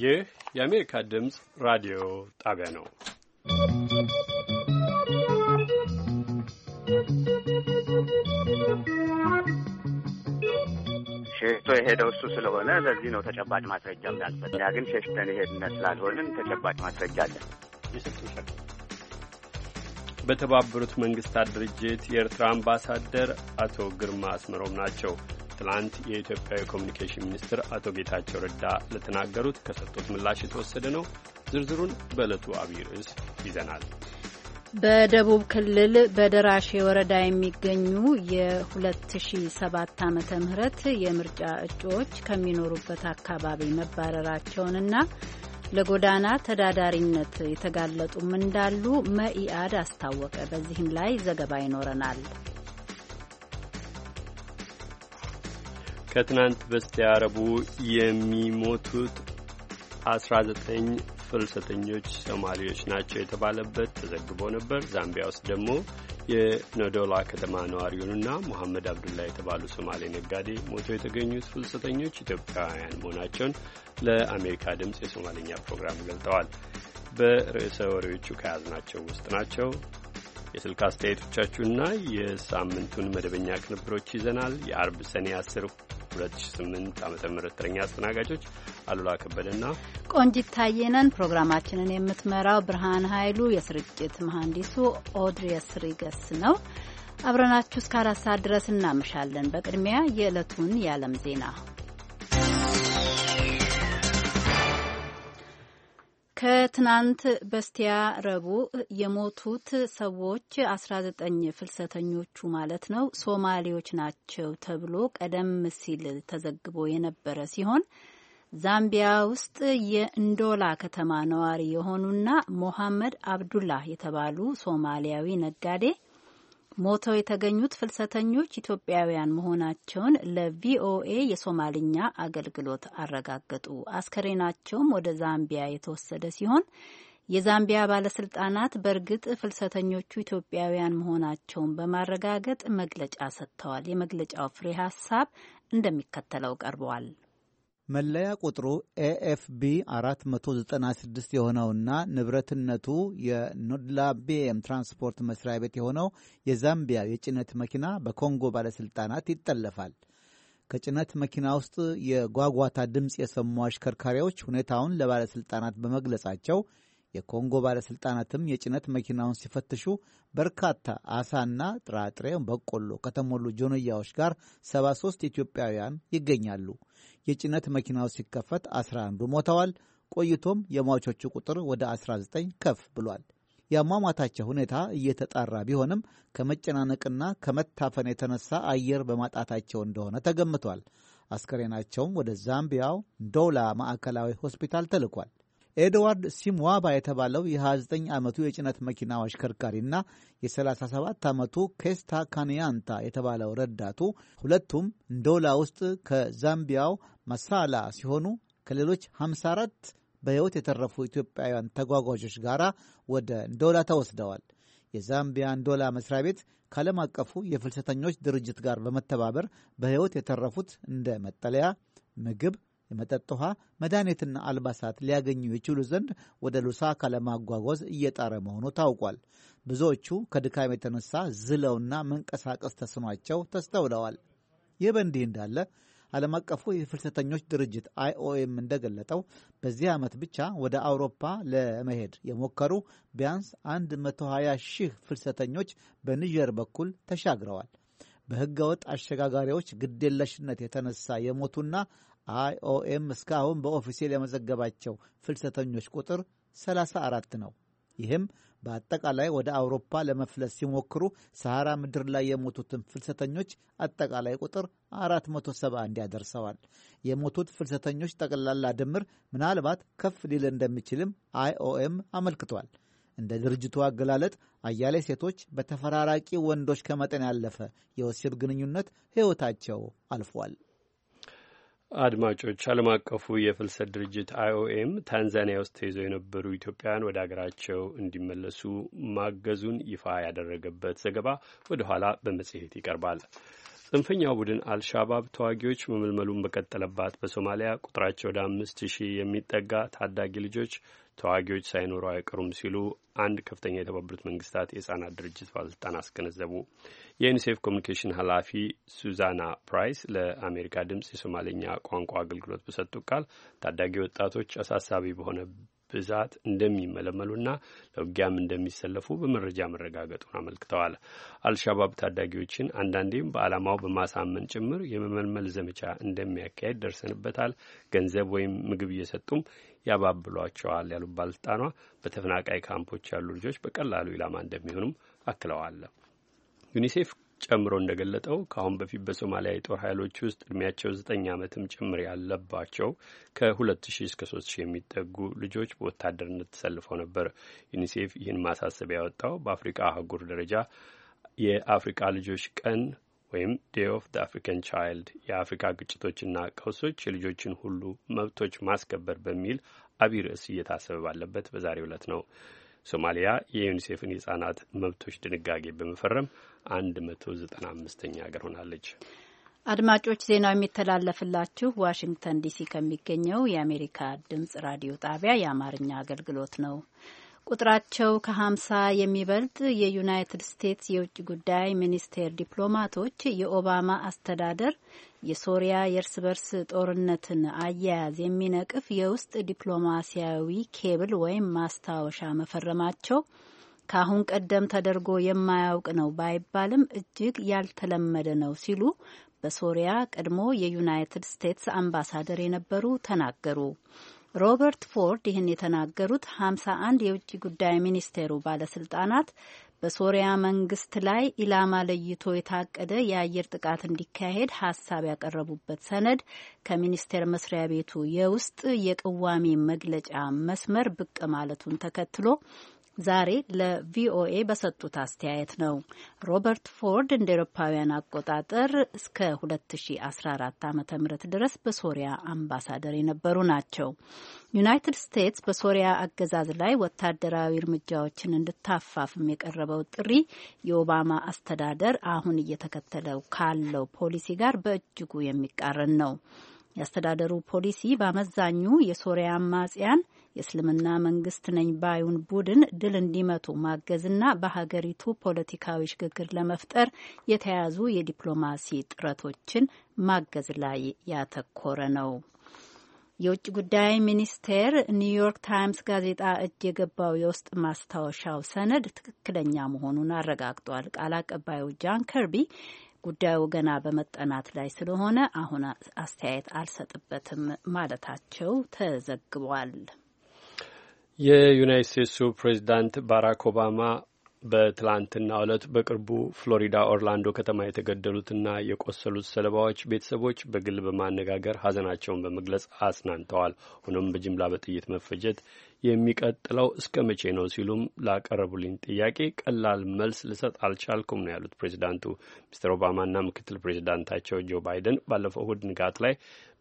ይህ የአሜሪካ ድምፅ ራዲዮ ጣቢያ ነው። ሸሽቶ የሄደው እሱ ስለሆነ ለዚህ ነው ተጨባጭ ማስረጃ እንዳልሰጠ። ግን ሸሽተን የሄድነ ስላልሆንን ተጨባጭ ማስረጃ አለን። በተባበሩት መንግስታት ድርጅት የኤርትራ አምባሳደር አቶ ግርማ አስመሮም ናቸው። ትላንት የኢትዮጵያ የኮሚኒኬሽን ሚኒስትር አቶ ጌታቸው ረዳ ለተናገሩት ከሰጡት ምላሽ የተወሰደ ነው። ዝርዝሩን በዕለቱ አብይ ርዕስ ይዘናል። በደቡብ ክልል በደራሼ ወረዳ የሚገኙ የ2007 ዓመተ ምህረት የምርጫ እጩዎች ከሚኖሩበት አካባቢ መባረራቸውንና ለጎዳና ተዳዳሪነት የተጋለጡም እንዳሉ መኢአድ አስታወቀ። በዚህም ላይ ዘገባ ይኖረናል። ከትናንት በስቲያ ረቡዕ የሚሞቱት 19 ፍልሰተኞች ሶማሌዎች ናቸው የተባለበት ተዘግቦ ነበር። ዛምቢያ ውስጥ ደግሞ የኖዶላ ከተማ ነዋሪውንና መሐመድ አብዱላ የተባሉ ሶማሌ ነጋዴ ሞቶ የተገኙት ፍልሰተኞች ኢትዮጵያውያን መሆናቸውን ለአሜሪካ ድምፅ የሶማሌኛ ፕሮግራም ገልጠዋል። በርዕሰ ወሬዎቹ ከያዝናቸው ውስጥ ናቸው። የስልክ አስተያየቶቻችሁና የሳምንቱን መደበኛ ቅንብሮች ይዘናል። የአርብ ሰኔ 10 2008 ዓ ም ተረኛ አስተናጋጆች አሉላ ከበደና ቆንጂት ታየነን። ፕሮግራማችንን የምትመራው ብርሃን ኃይሉ፣ የስርጭት መሐንዲሱ ኦድሪየስ ሪገስ ነው። አብረናችሁ እስከ አራት ሰዓት ድረስ እናመሻለን። በቅድሚያ የዕለቱን የዓለም ዜና ከትናንት በስቲያ ረቡዕ የሞቱት ሰዎች 19 ፍልሰተኞቹ ማለት ነው ሶማሌዎች ናቸው ተብሎ ቀደም ሲል ተዘግቦ የነበረ ሲሆን ዛምቢያ ውስጥ የእንዶላ ከተማ ነዋሪ የሆኑና ሞሐመድ አብዱላህ የተባሉ ሶማሊያዊ ነጋዴ ሞተው የተገኙት ፍልሰተኞች ኢትዮጵያውያን መሆናቸውን ለቪኦኤ የሶማልኛ አገልግሎት አረጋገጡ። አስከሬናቸውም ወደ ዛምቢያ የተወሰደ ሲሆን የዛምቢያ ባለስልጣናት በእርግጥ ፍልሰተኞቹ ኢትዮጵያውያን መሆናቸውን በማረጋገጥ መግለጫ ሰጥተዋል። የመግለጫው ፍሬ ሀሳብ እንደሚከተለው ቀርበዋል። መለያ ቁጥሩ ኤኤፍቢ 496 የሆነውና ንብረትነቱ የኖድላ ቤኤም ትራንስፖርት መስሪያ ቤት የሆነው የዛምቢያ የጭነት መኪና በኮንጎ ባለሥልጣናት ይጠለፋል። ከጭነት መኪና ውስጥ የጓጓታ ድምፅ የሰሙ አሽከርካሪዎች ሁኔታውን ለባለሥልጣናት በመግለጻቸው የኮንጎ ባለሥልጣናትም የጭነት መኪናውን ሲፈትሹ በርካታ አሳና ጥራጥሬ፣ በቆሎ ከተሞሉ ጆንያዎች ጋር 73 ኢትዮጵያውያን ይገኛሉ። የጭነት መኪናው ሲከፈት 11 ሞተዋል። ቆይቶም የሟቾቹ ቁጥር ወደ 19 ከፍ ብሏል። የአሟሟታቸው ሁኔታ እየተጣራ ቢሆንም ከመጨናነቅና ከመታፈን የተነሳ አየር በማጣታቸው እንደሆነ ተገምቷል። አስከሬናቸውም ወደ ዛምቢያው ዶላ ማዕከላዊ ሆስፒታል ተልኳል። ኤድዋርድ ሲምዋባ የተባለው የ29 ዓመቱ የጭነት አሽከርካሪ አሽከርካሪና የ37 ዓመቱ ኬስታ ካንያንታ የተባለው ረዳቱ ሁለቱም እንዶላ ውስጥ ከዛምቢያው ማሳላ ሲሆኑ ከሌሎች 54 በሕይወት የተረፉ ኢትዮጵያውያን ተጓጓዦች ጋር ወደ ንዶላ ተወስደዋል። የዛምቢያ እንዶላ መስሪያ ቤት ከዓለም አቀፉ የፍልሰተኞች ድርጅት ጋር በመተባበር በሕይወት የተረፉት እንደ መጠለያ ምግብ የመጠጥ ውሃ፣ መድኃኒትና አልባሳት ሊያገኙ ይችሉ ዘንድ ወደ ሉሳካ ለማጓጓዝ እየጣረ መሆኑ ታውቋል። ብዙዎቹ ከድካም የተነሳ ዝለውና መንቀሳቀስ ተስኗቸው ተስተውለዋል። ይህ በእንዲህ እንዳለ ዓለም አቀፉ የፍልሰተኞች ድርጅት አይኦኤም እንደገለጠው በዚህ ዓመት ብቻ ወደ አውሮፓ ለመሄድ የሞከሩ ቢያንስ 120 ሺህ ፍልሰተኞች በኒጀር በኩል ተሻግረዋል። በሕገ ወጥ አሸጋጋሪዎች ግዴለሽነት የተነሳ የሞቱና አይኦኤም እስካሁን በኦፊሴል የመዘገባቸው ፍልሰተኞች ቁጥር 34 ነው። ይህም በአጠቃላይ ወደ አውሮፓ ለመፍለስ ሲሞክሩ ሰሐራ ምድር ላይ የሞቱትን ፍልሰተኞች አጠቃላይ ቁጥር 471 ያደርሰዋል። የሞቱት ፍልሰተኞች ጠቅላላ ድምር ምናልባት ከፍ ሊል እንደሚችልም አይኦኤም አመልክቷል። እንደ ድርጅቱ አገላለጥ አያሌ ሴቶች በተፈራራቂ ወንዶች ከመጠን ያለፈ የወሲብ ግንኙነት ሕይወታቸው አልፏል። አድማጮች ዓለም አቀፉ የፍልሰት ድርጅት አይኦኤም ታንዛኒያ ውስጥ ተይዘው የነበሩ ኢትዮጵያውያን ወደ አገራቸው እንዲመለሱ ማገዙን ይፋ ያደረገበት ዘገባ ወደ ኋላ በመጽሔት ይቀርባል። ጽንፈኛው ቡድን አልሻባብ ተዋጊዎች መመልመሉን በቀጠለባት በሶማሊያ ቁጥራቸው ወደ አምስት ሺህ የሚጠጋ ታዳጊ ልጆች ተዋጊዎች ሳይኖሩ አይቀሩም ሲሉ አንድ ከፍተኛ የተባበሩት መንግስታት የህጻናት ድርጅት ባለስልጣን አስገነዘቡ። የዩኒሴፍ ኮሚኒኬሽን ኃላፊ ሱዛና ፕራይስ ለአሜሪካ ድምፅ የሶማሌኛ ቋንቋ አገልግሎት በሰጡ ቃል ታዳጊ ወጣቶች አሳሳቢ በሆነ ብዛት እንደሚመለመሉና ለውጊያም እንደሚሰለፉ በመረጃ መረጋገጡን አመልክተዋል። አልሻባብ ታዳጊዎችን አንዳንዴም በዓላማው በማሳመን ጭምር የመመልመል ዘመቻ እንደሚያካሄድ ደርሰንበታል፣ ገንዘብ ወይም ምግብ እየሰጡም ያባብሏቸዋል ያሉት ባለስልጣኗ በተፈናቃይ ካምፖች ያሉ ልጆች በቀላሉ ኢላማ እንደሚሆኑም አክለዋል። ዩኒሴፍ ጨምሮ እንደገለጠው ከአሁን በፊት በሶማሊያ የጦር ኃይሎች ውስጥ እድሜያቸው ዘጠኝ ዓመትም ጭምር ያለባቸው ከሁለት ሺህ እስከ ሶስት ሺ የሚጠጉ ልጆች በወታደርነት ተሰልፈው ነበር። ዩኒሴፍ ይህን ማሳሰቢያ ያወጣው በአፍሪቃ አህጉር ደረጃ የአፍሪቃ ልጆች ቀን ወይም ዴይ ኦፍ አፍሪካን ቻይልድ የአፍሪካ ግጭቶችና ቀውሶች የልጆችን ሁሉ መብቶች ማስከበር በሚል አቢይ ርዕስ እየታሰበ ባለበት በዛሬው ዕለት ነው። ሶማሊያ የዩኒሴፍን የሕጻናት መብቶች ድንጋጌ በመፈረም አንድ መቶ ዘጠና አምስተኛ ሀገር ሆናለች። አድማጮች ዜናው የሚተላለፍላችሁ ዋሽንግተን ዲሲ ከሚገኘው የአሜሪካ ድምጽ ራዲዮ ጣቢያ የአማርኛ አገልግሎት ነው። ቁጥራቸው ከሀምሳ የሚበልጥ የዩናይትድ ስቴትስ የውጭ ጉዳይ ሚኒስቴር ዲፕሎማቶች የኦባማ አስተዳደር የሶሪያ የእርስ በርስ ጦርነትን አያያዝ የሚነቅፍ የውስጥ ዲፕሎማሲያዊ ኬብል ወይም ማስታወሻ መፈረማቸው ከአሁን ቀደም ተደርጎ የማያውቅ ነው ባይባልም እጅግ ያልተለመደ ነው ሲሉ በሶሪያ ቀድሞ የዩናይትድ ስቴትስ አምባሳደር የነበሩ ተናገሩ። ሮበርት ፎርድ ይህን የተናገሩት ሀምሳ አንድ የውጭ ጉዳይ ሚኒስቴሩ ባለስልጣናት በሶሪያ መንግስት ላይ ኢላማ ለይቶ የታቀደ የአየር ጥቃት እንዲካሄድ ሀሳብ ያቀረቡበት ሰነድ ከሚኒስቴር መስሪያ ቤቱ የውስጥ የቅዋሜ መግለጫ መስመር ብቅ ማለቱን ተከትሎ ዛሬ ለቪኦኤ በሰጡት አስተያየት ነው። ሮበርት ፎርድ እንደ ኤሮፓውያን አቆጣጠር እስከ 2014 ዓ ም ድረስ በሶሪያ አምባሳደር የነበሩ ናቸው። ዩናይትድ ስቴትስ በሶሪያ አገዛዝ ላይ ወታደራዊ እርምጃዎችን እንድታፋፍም የቀረበው ጥሪ የኦባማ አስተዳደር አሁን እየተከተለው ካለው ፖሊሲ ጋር በእጅጉ የሚቃረን ነው። የአስተዳደሩ ፖሊሲ በአመዛኙ የሶሪያ አማጽያን የእስልምና መንግስት ነኝ ባዩን ቡድን ድል እንዲመቱ ማገዝና በሀገሪቱ ፖለቲካዊ ሽግግር ለመፍጠር የተያዙ የዲፕሎማሲ ጥረቶችን ማገዝ ላይ ያተኮረ ነው። የውጭ ጉዳይ ሚኒስቴር ኒውዮርክ ታይምስ ጋዜጣ እጅ የገባው የውስጥ ማስታወሻው ሰነድ ትክክለኛ መሆኑን አረጋግጧል። ቃል አቀባዩ ጃን ከርቢ ጉዳዩ ገና በመጠናት ላይ ስለሆነ አሁን አስተያየት አልሰጥበትም ማለታቸው ተዘግቧል። የዩናይት ስቴትሱ ፕሬዚዳንት ባራክ ኦባማ በትላንትና ዕለት በቅርቡ ፍሎሪዳ ኦርላንዶ ከተማ የተገደሉትና የቆሰሉት ሰለባዎች ቤተሰቦች በግል በማነጋገር ሀዘናቸውን በመግለጽ አጽናንተዋል። ሆኖም በጅምላ በጥይት መፈጀት የሚቀጥለው እስከ መቼ ነው ሲሉም ላቀረቡልኝ ጥያቄ ቀላል መልስ ልሰጥ አልቻልኩም ነው ያሉት ፕሬዚዳንቱ። ሚስተር ኦባማና ምክትል ፕሬዚዳንታቸው ጆ ባይደን ባለፈው እሁድ ንጋት ላይ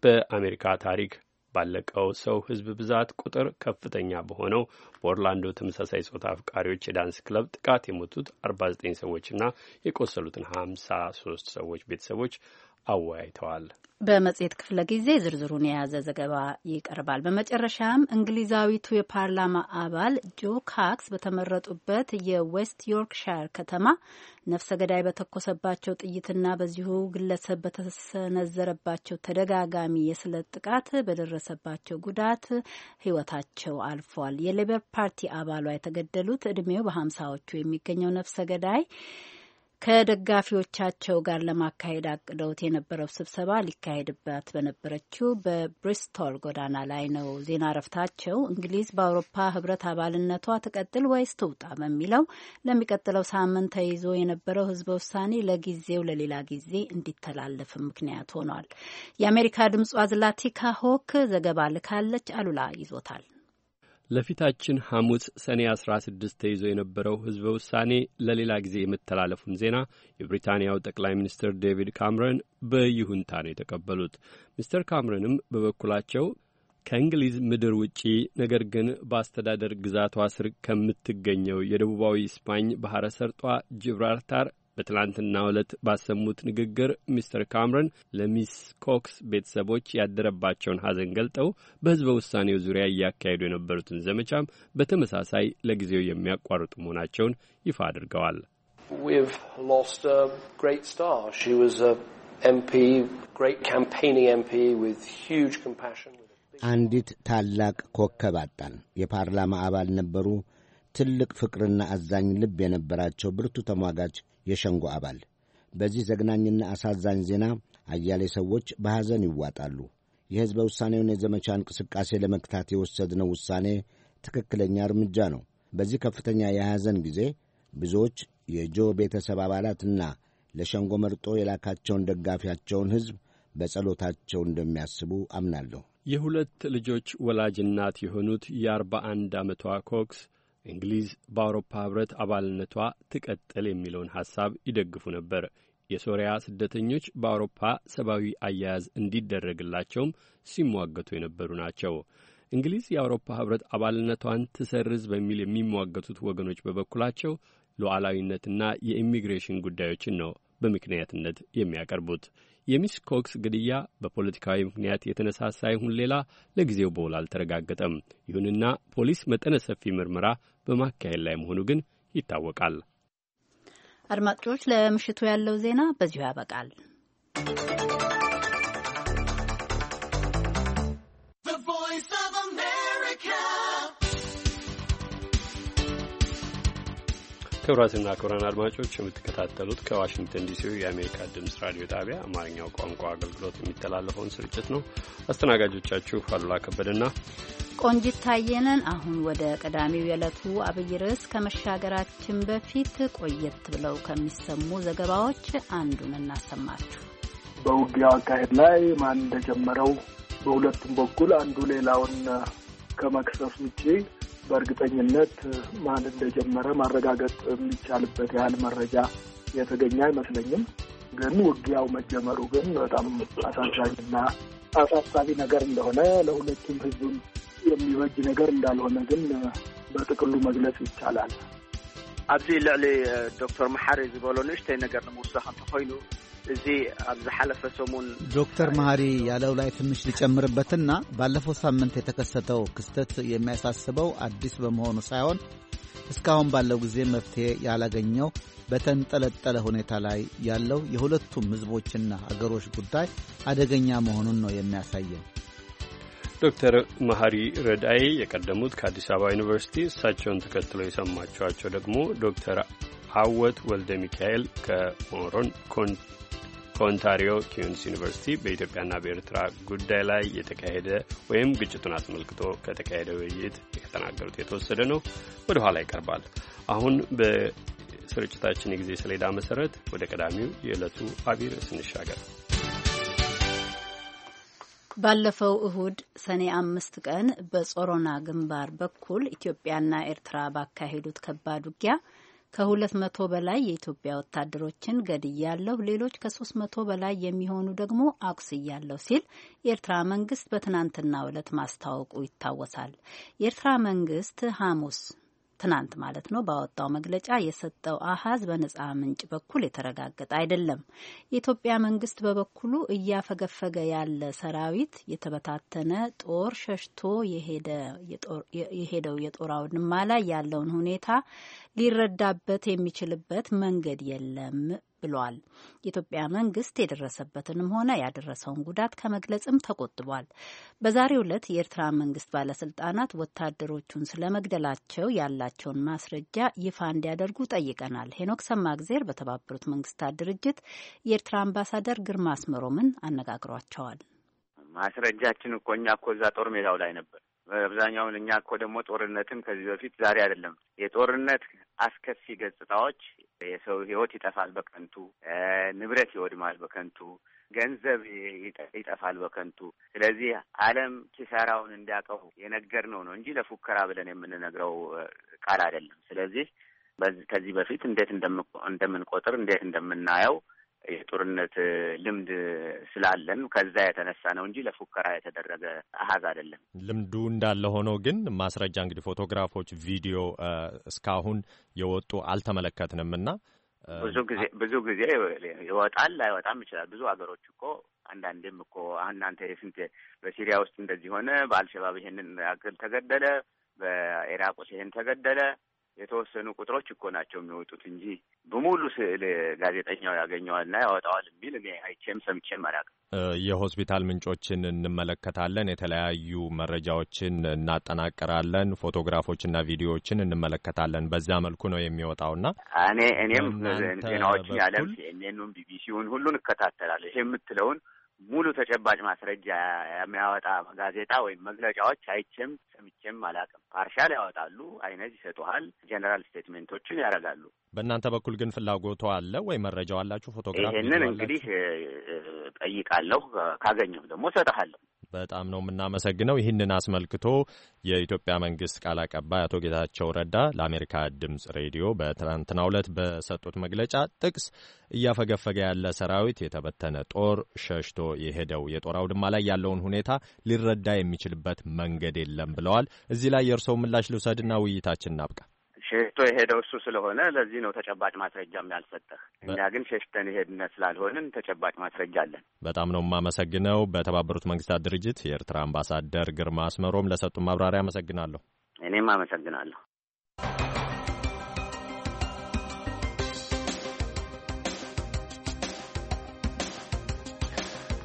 በአሜሪካ ታሪክ ባለቀው ሰው ህዝብ ብዛት ቁጥር ከፍተኛ በሆነው በኦርላንዶ ተመሳሳይ ጾታ አፍቃሪዎች የዳንስ ክለብ ጥቃት የሞቱት 49 ሰዎችና የቆሰሉትን 53 ሰዎች ቤተሰቦች አወያይተዋል። በመጽሔት ክፍለ ጊዜ ዝርዝሩን የያዘ ዘገባ ይቀርባል። በመጨረሻም እንግሊዛዊቱ የፓርላማ አባል ጆ ካክስ በተመረጡበት የዌስት ዮርክሻር ከተማ ነፍሰ ገዳይ በተኮሰባቸው ጥይትና በዚሁ ግለሰብ በተሰነዘረባቸው ተደጋጋሚ የስለት ጥቃት በደረሰባቸው ጉዳት ሕይወታቸው አልፏል። የሌበር ፓርቲ አባሏ የተገደሉት እድሜው በሀምሳዎቹ የሚገኘው ነፍሰ ገዳይ ከደጋፊዎቻቸው ጋር ለማካሄድ አቅደውት የነበረው ስብሰባ ሊካሄድባት በነበረችው በብሪስቶል ጎዳና ላይ ነው። ዜና እረፍታቸው እንግሊዝ በአውሮፓ ሕብረት አባልነቷ ትቀጥል ወይስ ትውጣ በሚለው ለሚቀጥለው ሳምንት ተይዞ የነበረው ሕዝበ ውሳኔ ለጊዜው ለሌላ ጊዜ እንዲተላለፍ ምክንያት ሆኗል። የአሜሪካ ድምጿ ዝላቲካ ሆክ ዘገባ ልካለች። አሉላ ይዞታል። ለፊታችን ሐሙስ ሰኔ 16 ተይዞ የነበረው ሕዝበ ውሳኔ ለሌላ ጊዜ የመተላለፉን ዜና የብሪታንያው ጠቅላይ ሚኒስትር ዴቪድ ካምረን በይሁንታ ነው የተቀበሉት። ሚስተር ካምረንም በበኩላቸው ከእንግሊዝ ምድር ውጪ ነገር ግን በአስተዳደር ግዛቷ ስር ከምትገኘው የደቡባዊ ስፓኝ ባሕረ ሰርጧ ጂብራልታር በትላንትና ዕለት ባሰሙት ንግግር ሚስተር ካምረን ለሚስ ኮክስ ቤተሰቦች ያደረባቸውን ሐዘን ገልጠው በሕዝበ ውሳኔው ዙሪያ እያካሄዱ የነበሩትን ዘመቻም በተመሳሳይ ለጊዜው የሚያቋርጡ መሆናቸውን ይፋ አድርገዋል። አንዲት ታላቅ ኮከብ አጣን። የፓርላማ አባል ነበሩ። ትልቅ ፍቅርና አዛኝ ልብ የነበራቸው ብርቱ ተሟጋች የሸንጎ አባል። በዚህ ዘግናኝና አሳዛኝ ዜና አያሌ ሰዎች በሐዘን ይዋጣሉ። የሕዝበ ውሳኔውን የዘመቻ እንቅስቃሴ ለመግታት የወሰድነው ውሳኔ ትክክለኛ እርምጃ ነው። በዚህ ከፍተኛ የሐዘን ጊዜ ብዙዎች የጆ ቤተሰብ አባላትና ለሸንጎ መርጦ የላካቸውን ደጋፊያቸውን ሕዝብ በጸሎታቸው እንደሚያስቡ አምናለሁ። የሁለት ልጆች ወላጅ እናት የሆኑት የአርባ አንድ ዓመቷ ኮክስ እንግሊዝ በአውሮፓ ህብረት አባልነቷ ትቀጥል የሚለውን ሐሳብ ይደግፉ ነበር። የሶሪያ ስደተኞች በአውሮፓ ሰብአዊ አያያዝ እንዲደረግላቸውም ሲሟገቱ የነበሩ ናቸው። እንግሊዝ የአውሮፓ ህብረት አባልነቷን ትሰርዝ በሚል የሚሟገቱት ወገኖች በበኩላቸው ሉዓላዊነትና የኢሚግሬሽን ጉዳዮችን ነው በምክንያትነት የሚያቀርቡት። የሚስ ኮክስ ግድያ በፖለቲካዊ ምክንያት የተነሳሳ ይሁን ሌላ ለጊዜው በውል አልተረጋገጠም። ይሁንና ፖሊስ መጠነ ሰፊ ምርመራ በማካሄድ ላይ መሆኑ ግን ይታወቃል። አድማጮች፣ ለምሽቱ ያለው ዜና በዚሁ ያበቃል። ክቡራትና ክቡራን አድማጮች የምትከታተሉት ከዋሽንግተን ዲሲ የአሜሪካ ድምፅ ራዲዮ ጣቢያ አማርኛው ቋንቋ አገልግሎት የሚተላለፈውን ስርጭት ነው። አስተናጋጆቻችሁ አሉላ ከበደና ቆንጂት ታየነን። አሁን ወደ ቀዳሚው የዕለቱ አብይ ርዕስ ከመሻገራችን በፊት ቆየት ብለው ከሚሰሙ ዘገባዎች አንዱን እናሰማችሁ። በውጊያው አካሄድ ላይ ማን እንደጀመረው በሁለቱም በኩል አንዱ ሌላውን ከመክሰስ ውጪ በእርግጠኝነት ማን እንደጀመረ ማረጋገጥ የሚቻልበት ያህል መረጃ የተገኘ አይመስለኝም። ግን ውጊያው መጀመሩ ግን በጣም አሳዛኝና አሳሳቢ ነገር እንደሆነ ለሁለቱም ህዝቡን የሚበጅ ነገር እንዳልሆነ ግን በጥቅሉ መግለጽ ይቻላል። ኣብዚ ልዕሊ ዶክተር መሓሪ ዝበሎ ንእሽተይ ነገር ንምውሳኽ እንተኮይኑ ኣብ ዝሓለፈ ሰሙን ዶክተር መሀሪ ያለው ላይ ትንሽ ሊጨምርበትና ባለፈው ሳምንት የተከሰተው ክስተት የሚያሳስበው አዲስ በመሆኑ ሳይሆን እስካሁን ባለው ጊዜ መፍትሄ ያላገኘው በተንጠለጠለ ሁኔታ ላይ ያለው የሁለቱም ህዝቦችና አገሮች ጉዳይ አደገኛ መሆኑን ነው የሚያሳየው። ዶክተር መሀሪ ረዳይ የቀደሙት ከአዲስ አበባ ዩኒቨርሲቲ፣ እሳቸውን ተከትሎ የሰማችኋቸው ደግሞ ዶክተር አወት ወልደ ሚካኤል ከሞሮን ከኦንታሪዮ ኪንስ ዩኒቨርሲቲ በኢትዮጵያና በኤርትራ ጉዳይ ላይ የተካሄደ ወይም ግጭቱን አስመልክቶ ከተካሄደ ውይይት የተናገሩት የተወሰደ ነው። ወደ ኋላ ይቀርባል። አሁን በስርጭታችን የጊዜ ሰሌዳ መሰረት ወደ ቀዳሚው የዕለቱ አቢይ ርዕስ እንሻገር። ባለፈው እሁድ ሰኔ አምስት ቀን በጾሮና ግንባር በኩል ኢትዮጵያና ኤርትራ ባካሄዱት ከባድ ውጊያ ከሁለት መቶ በላይ የኢትዮጵያ ወታደሮችን ገድያለሁ፣ ሌሎች ከሶስት መቶ በላይ የሚሆኑ ደግሞ አቁስያለሁ ሲል የኤርትራ መንግስት በትናንትናው ዕለት ማስታወቁ ይታወሳል። የኤርትራ መንግስት ሐሙስ ትናንት ማለት ነው ባወጣው መግለጫ የሰጠው አሀዝ በነጻ ምንጭ በኩል የተረጋገጠ አይደለም። የኢትዮጵያ መንግስት በበኩሉ እያፈገፈገ ያለ ሰራዊት፣ የተበታተነ ጦር ሸሽቶ የሄደው የጦር አውድማ ላይ ያለውን ሁኔታ ሊረዳበት የሚችልበት መንገድ የለም ብሏል። የኢትዮጵያ መንግስት የደረሰበትንም ሆነ ያደረሰውን ጉዳት ከመግለጽም ተቆጥቧል። በዛሬው ዕለት የኤርትራ መንግስት ባለስልጣናት ወታደሮቹን ስለመግደላቸው ያላቸውን ማስረጃ ይፋ እንዲያደርጉ ጠይቀናል። ሄኖክ ሰማግዜር በተባበሩት መንግስታት ድርጅት የኤርትራ አምባሳደር ግርማ አስመሮምን አነጋግሯቸዋል። ማስረጃችን እኮ እኛ እኮ እዛ ጦር ሜዳው ላይ ነበር በአብዛኛውን እኛ እኮ ደግሞ ጦርነትን ከዚህ በፊት ዛሬ አይደለም የጦርነት አስከፊ ገጽታዎች የሰው ህይወት ይጠፋል በከንቱ ንብረት ይወድማል በከንቱ ገንዘብ ይጠፋል በከንቱ። ስለዚህ ዓለም ኪሳራውን እንዲያውቀው የነገርነው ነው እንጂ ለፉከራ ብለን የምንነግረው ቃል አይደለም። ስለዚህ ከዚህ በፊት እንዴት እንደምንቆጥር እንዴት እንደምናየው የጦርነት ልምድ ስላለን ከዛ የተነሳ ነው እንጂ ለፉከራ የተደረገ አሀዝ አይደለም። ልምዱ እንዳለ ሆኖ ግን ማስረጃ እንግዲህ ፎቶግራፎች፣ ቪዲዮ እስካሁን የወጡ አልተመለከትንም እና ብዙ ጊዜ ብዙ ጊዜ ይወጣል ላይወጣም ይችላል። ብዙ ሀገሮች እኮ አንዳንዴም እኮ እናንተ የስንት በሲሪያ ውስጥ እንደዚህ ሆነ፣ በአልሸባብ ይሄንን ያክል ተገደለ፣ በኢራቅ ውስጥ ይሄን ተገደለ የተወሰኑ ቁጥሮች እኮ ናቸው የሚወጡት እንጂ በሙሉ ስዕል ጋዜጠኛው ያገኘዋልና ያወጣዋል የሚል እኔ አይቼም ሰምቼም አላውቅም። የሆስፒታል ምንጮችን እንመለከታለን፣ የተለያዩ መረጃዎችን እናጠናቅራለን፣ ፎቶግራፎችና ቪዲዮዎችን እንመለከታለን። በዛ መልኩ ነው የሚወጣውና እኔ እኔም ዜናዎችን ያለም ሲኤንኤኑን ቢቢሲውን ሁሉን እከታተላለሁ ይሄ የምትለውን ሙሉ ተጨባጭ ማስረጃ የሚያወጣ ጋዜጣ ወይም መግለጫዎች አይቼም ሰምቼም አላውቅም። ፓርሻል ያወጣሉ፣ አይነት ይሰጡሃል፣ ጀነራል ስቴትሜንቶችን ያደርጋሉ። በእናንተ በኩል ግን ፍላጎቱ አለ ወይ? መረጃው አላችሁ? ፎቶግራፍ ይህንን እንግዲህ ጠይቃለሁ፣ ካገኘሁ ደግሞ እሰጥሃለሁ። በጣም ነው የምናመሰግነው። ይህንን አስመልክቶ የኢትዮጵያ መንግስት ቃል አቀባይ አቶ ጌታቸው ረዳ ለአሜሪካ ድምፅ ሬዲዮ በትናንትናው ዕለት በሰጡት መግለጫ ጥቅስ እያፈገፈገ ያለ ሰራዊት፣ የተበተነ ጦር ሸሽቶ የሄደው የጦር አውድማ ላይ ያለውን ሁኔታ ሊረዳ የሚችልበት መንገድ የለም ብለዋል። እዚህ ላይ የእርስዎ ምላሽ ልውሰድና ውይይታችን እናብቃ። ሸሽቶ የሄደው እሱ ስለሆነ ለዚህ ነው ተጨባጭ ማስረጃም ያልሰጠህ። እኛ ግን ሸሽተን የሄድነ ስላልሆንን ተጨባጭ ማስረጃ አለን። በጣም ነው የማመሰግነው። በተባበሩት መንግስታት ድርጅት የኤርትራ አምባሳደር ግርማ አስመሮም ለሰጡን ማብራሪያ አመሰግናለሁ። እኔም አመሰግናለሁ።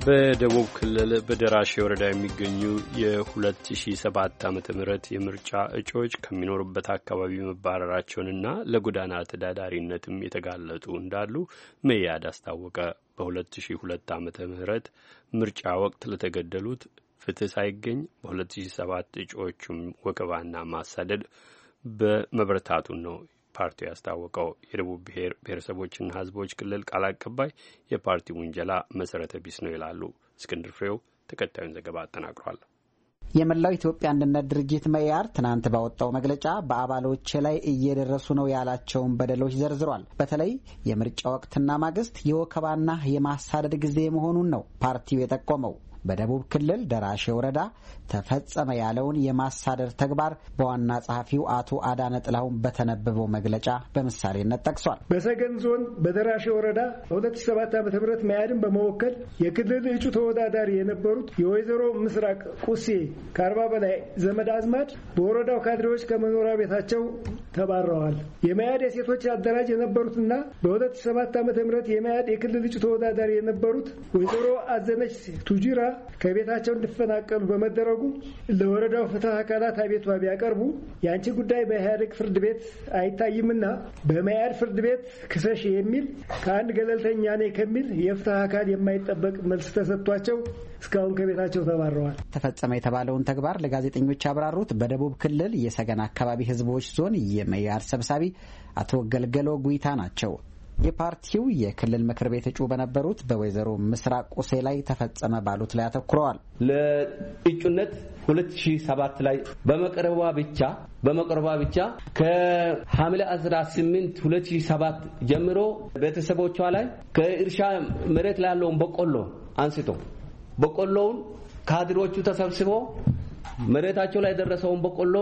በደቡብ ክልል በደራሽ ወረዳ የሚገኙ የ2007 ዓ ም የምርጫ እጩዎች ከሚኖሩበት አካባቢ መባረራቸውንና ለጎዳና ተዳዳሪነትም የተጋለጡ እንዳሉ መያድ አስታወቀ። በ2002 ዓ ም ምርጫ ወቅት ለተገደሉት ፍትህ ሳይገኝ በ2007 እጩዎቹም ወከባና ማሳደድ በመበረታቱን ነው ፓርቲው ያስታወቀው። የደቡብ ብሔር ብሔረሰቦችና ህዝቦች ክልል ቃል አቀባይ የፓርቲው ውንጀላ መሰረተ ቢስ ነው ይላሉ። እስክንድር ፍሬው ተከታዩን ዘገባ አጠናቅሯል። የመላው ኢትዮጵያ አንድነት ድርጅት መኢአድ ትናንት ባወጣው መግለጫ በአባሎች ላይ እየደረሱ ነው ያላቸውን በደሎች ዘርዝሯል። በተለይ የምርጫ ወቅትና ማግስት የወከባና የማሳደድ ጊዜ መሆኑን ነው ፓርቲው የጠቆመው። በደቡብ ክልል ደራሼ ወረዳ ተፈጸመ ያለውን የማሳደድ ተግባር በዋና ጸሐፊው አቶ አዳነ ጥላሁን በተነበበው መግለጫ በምሳሌነት ጠቅሷል። በሰገን ዞን በደራሼ ወረዳ በ2007 ዓ.ም መያድን በመወከል የክልል እጩ ተወዳዳሪ የነበሩት የወይዘሮ ምስራቅ ቁሴ ከአርባ በላይ ዘመድ አዝማድ በወረዳው ካድሬዎች ከመኖሪያ ቤታቸው ተባረዋል። የመያድ የሴቶች አደራጅ የነበሩትና በ2007 ዓ.ም የመያድ የክልል እጩ ተወዳዳሪ የነበሩት ወይዘሮ አዘነች ቱጂራ ከቤታቸው እንዲፈናቀሉ በመደረጉ ለወረዳው ፍትህ አካላት አቤቷ ቢያቀርቡ የአንቺ ጉዳይ በኢህአዴግ ፍርድ ቤት አይታይምና በመያድ ፍርድ ቤት ክሰሽ የሚል ከአንድ ገለልተኛ ነኝ ከሚል የፍትህ አካል የማይጠበቅ መልስ ተሰጥቷቸው እስካሁን ከቤታቸው ተባረዋል። ተፈጸመ የተባለውን ተግባር ለጋዜጠኞች ያብራሩት በደቡብ ክልል የሰገን አካባቢ ህዝቦች ዞን የመያድ ሰብሳቢ አቶ ገልገሎ ጉይታ ናቸው። የፓርቲው የክልል ምክር ቤት እጩ በነበሩት በወይዘሮ ምስራቅ ቁሴ ላይ ተፈጸመ ባሉት ላይ አተኩረዋል። ለእጩነት 2007 ላይ በመቅረቧ ብቻ በመቅረቧ ብቻ ከሐምሌ 18 2007 ጀምሮ ቤተሰቦቿ ላይ ከእርሻ መሬት ላይ ያለውን በቆሎ አንስቶ በቆሎውን ካድሮቹ ተሰብስቦ መሬታቸው ላይ የደረሰውን በቆሎ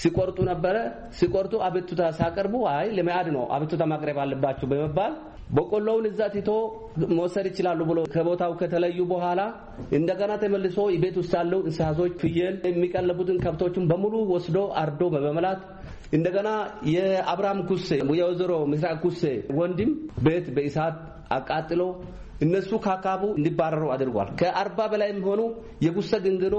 ሲቆርጡ ነበረ። ሲቆርጡ አቤቱታ ሲያቀርቡ አይ ለመያድ ነው አቤቱታ ማቅረብ አለባቸው በመባል በቆሎውን እዛ ትቶ መውሰድ ይችላሉ ብሎ ከቦታው ከተለዩ በኋላ እንደገና ተመልሶ ቤት ውስጥ ያለው እንስሳቶች፣ ፍየል፣ የሚቀለቡትን ከብቶችን በሙሉ ወስዶ አርዶ በመብላት እንደገና የአብርሃም ኩሴ የወይዘሮ ምስራቅ ኩሴ ወንድም ቤት በእሳት አቃጥሎ እነሱ ካካቡ እንዲባረሩ አድርጓል። ከአርባ በላይ የሚሆኑ የጉሰ ግንግኖ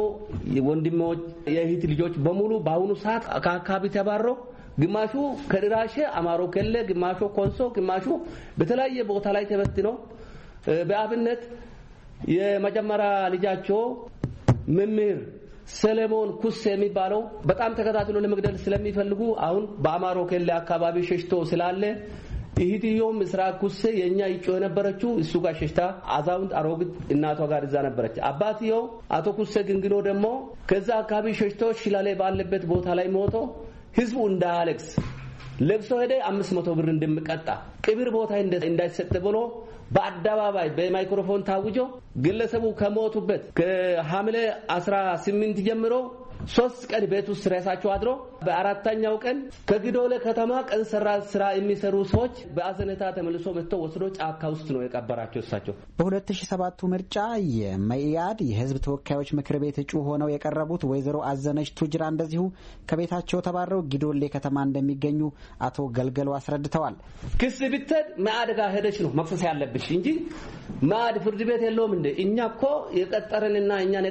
ወንድሞች፣ የእህት ልጆች በሙሉ በአሁኑ ሰዓት ከአካባቢ ተባረው ግማሹ ከድራሼ አማሮ ከለ፣ ግማሹ ኮንሶ፣ ግማሹ በተለያየ ቦታ ላይ ተበትኖ በአብነት የመጀመሪያ ልጃቸው መምህር ሰለሞን ኩስ የሚባለው በጣም ተከታትሎ ለመግደል ስለሚፈልጉ አሁን በአማሮ ከለ አካባቢ ሸሽቶ ስላለ እህትዮ ምስራቅ ኩሴ የእኛ ይጮ የነበረችው እሱ ጋር ሸሽታ አዛውንት አሮግት እናቷ ጋር እዛ ነበረች። አባትየው አቶ ኩሴ ግንግኖ ደግሞ ከዛ አካባቢ ሸሽቶ ሽላሌ ባለበት ቦታ ላይ ሞቶ ህዝቡ እንዳያለቅስ ለብሶ ሄደ። አምስት መቶ ብር እንደምቀጣ ቅብር ቦታ እንዳይሰጥ ብሎ በአደባባይ በማይክሮፎን ታውጆ ግለሰቡ ከሞቱበት ከሐምሌ 18 ጀምሮ ሶስት ቀን ቤት ውስጥ ራሳቸው አድሮ በአራተኛው ቀን ከግዶለ ከተማ ቀን ስራ ስራ የሚሰሩ ሰዎች በአዘነታ ተመልሶ መጥቶ ወስዶ ጫካ ውስጥ ነው የቀበራቸው እሳቸው። በ2007 ምርጫ የመኢአድ የህዝብ ተወካዮች ምክር ቤት እጩ ሆነው የቀረቡት ወይዘሮ አዘነች ቱጅራ እንደዚሁ ከቤታቸው ተባረው ጊዶሌ ከተማ እንደሚገኙ አቶ ገልገሉ አስረድተዋል። ክስ ብትሄድ መአድ ጋር ሄደች ነው መክሰስ ያለብሽ እንጂ መአድ ፍርድ ቤት የለውም እንዴ? እኛ እኮ የቀጠረንና እኛን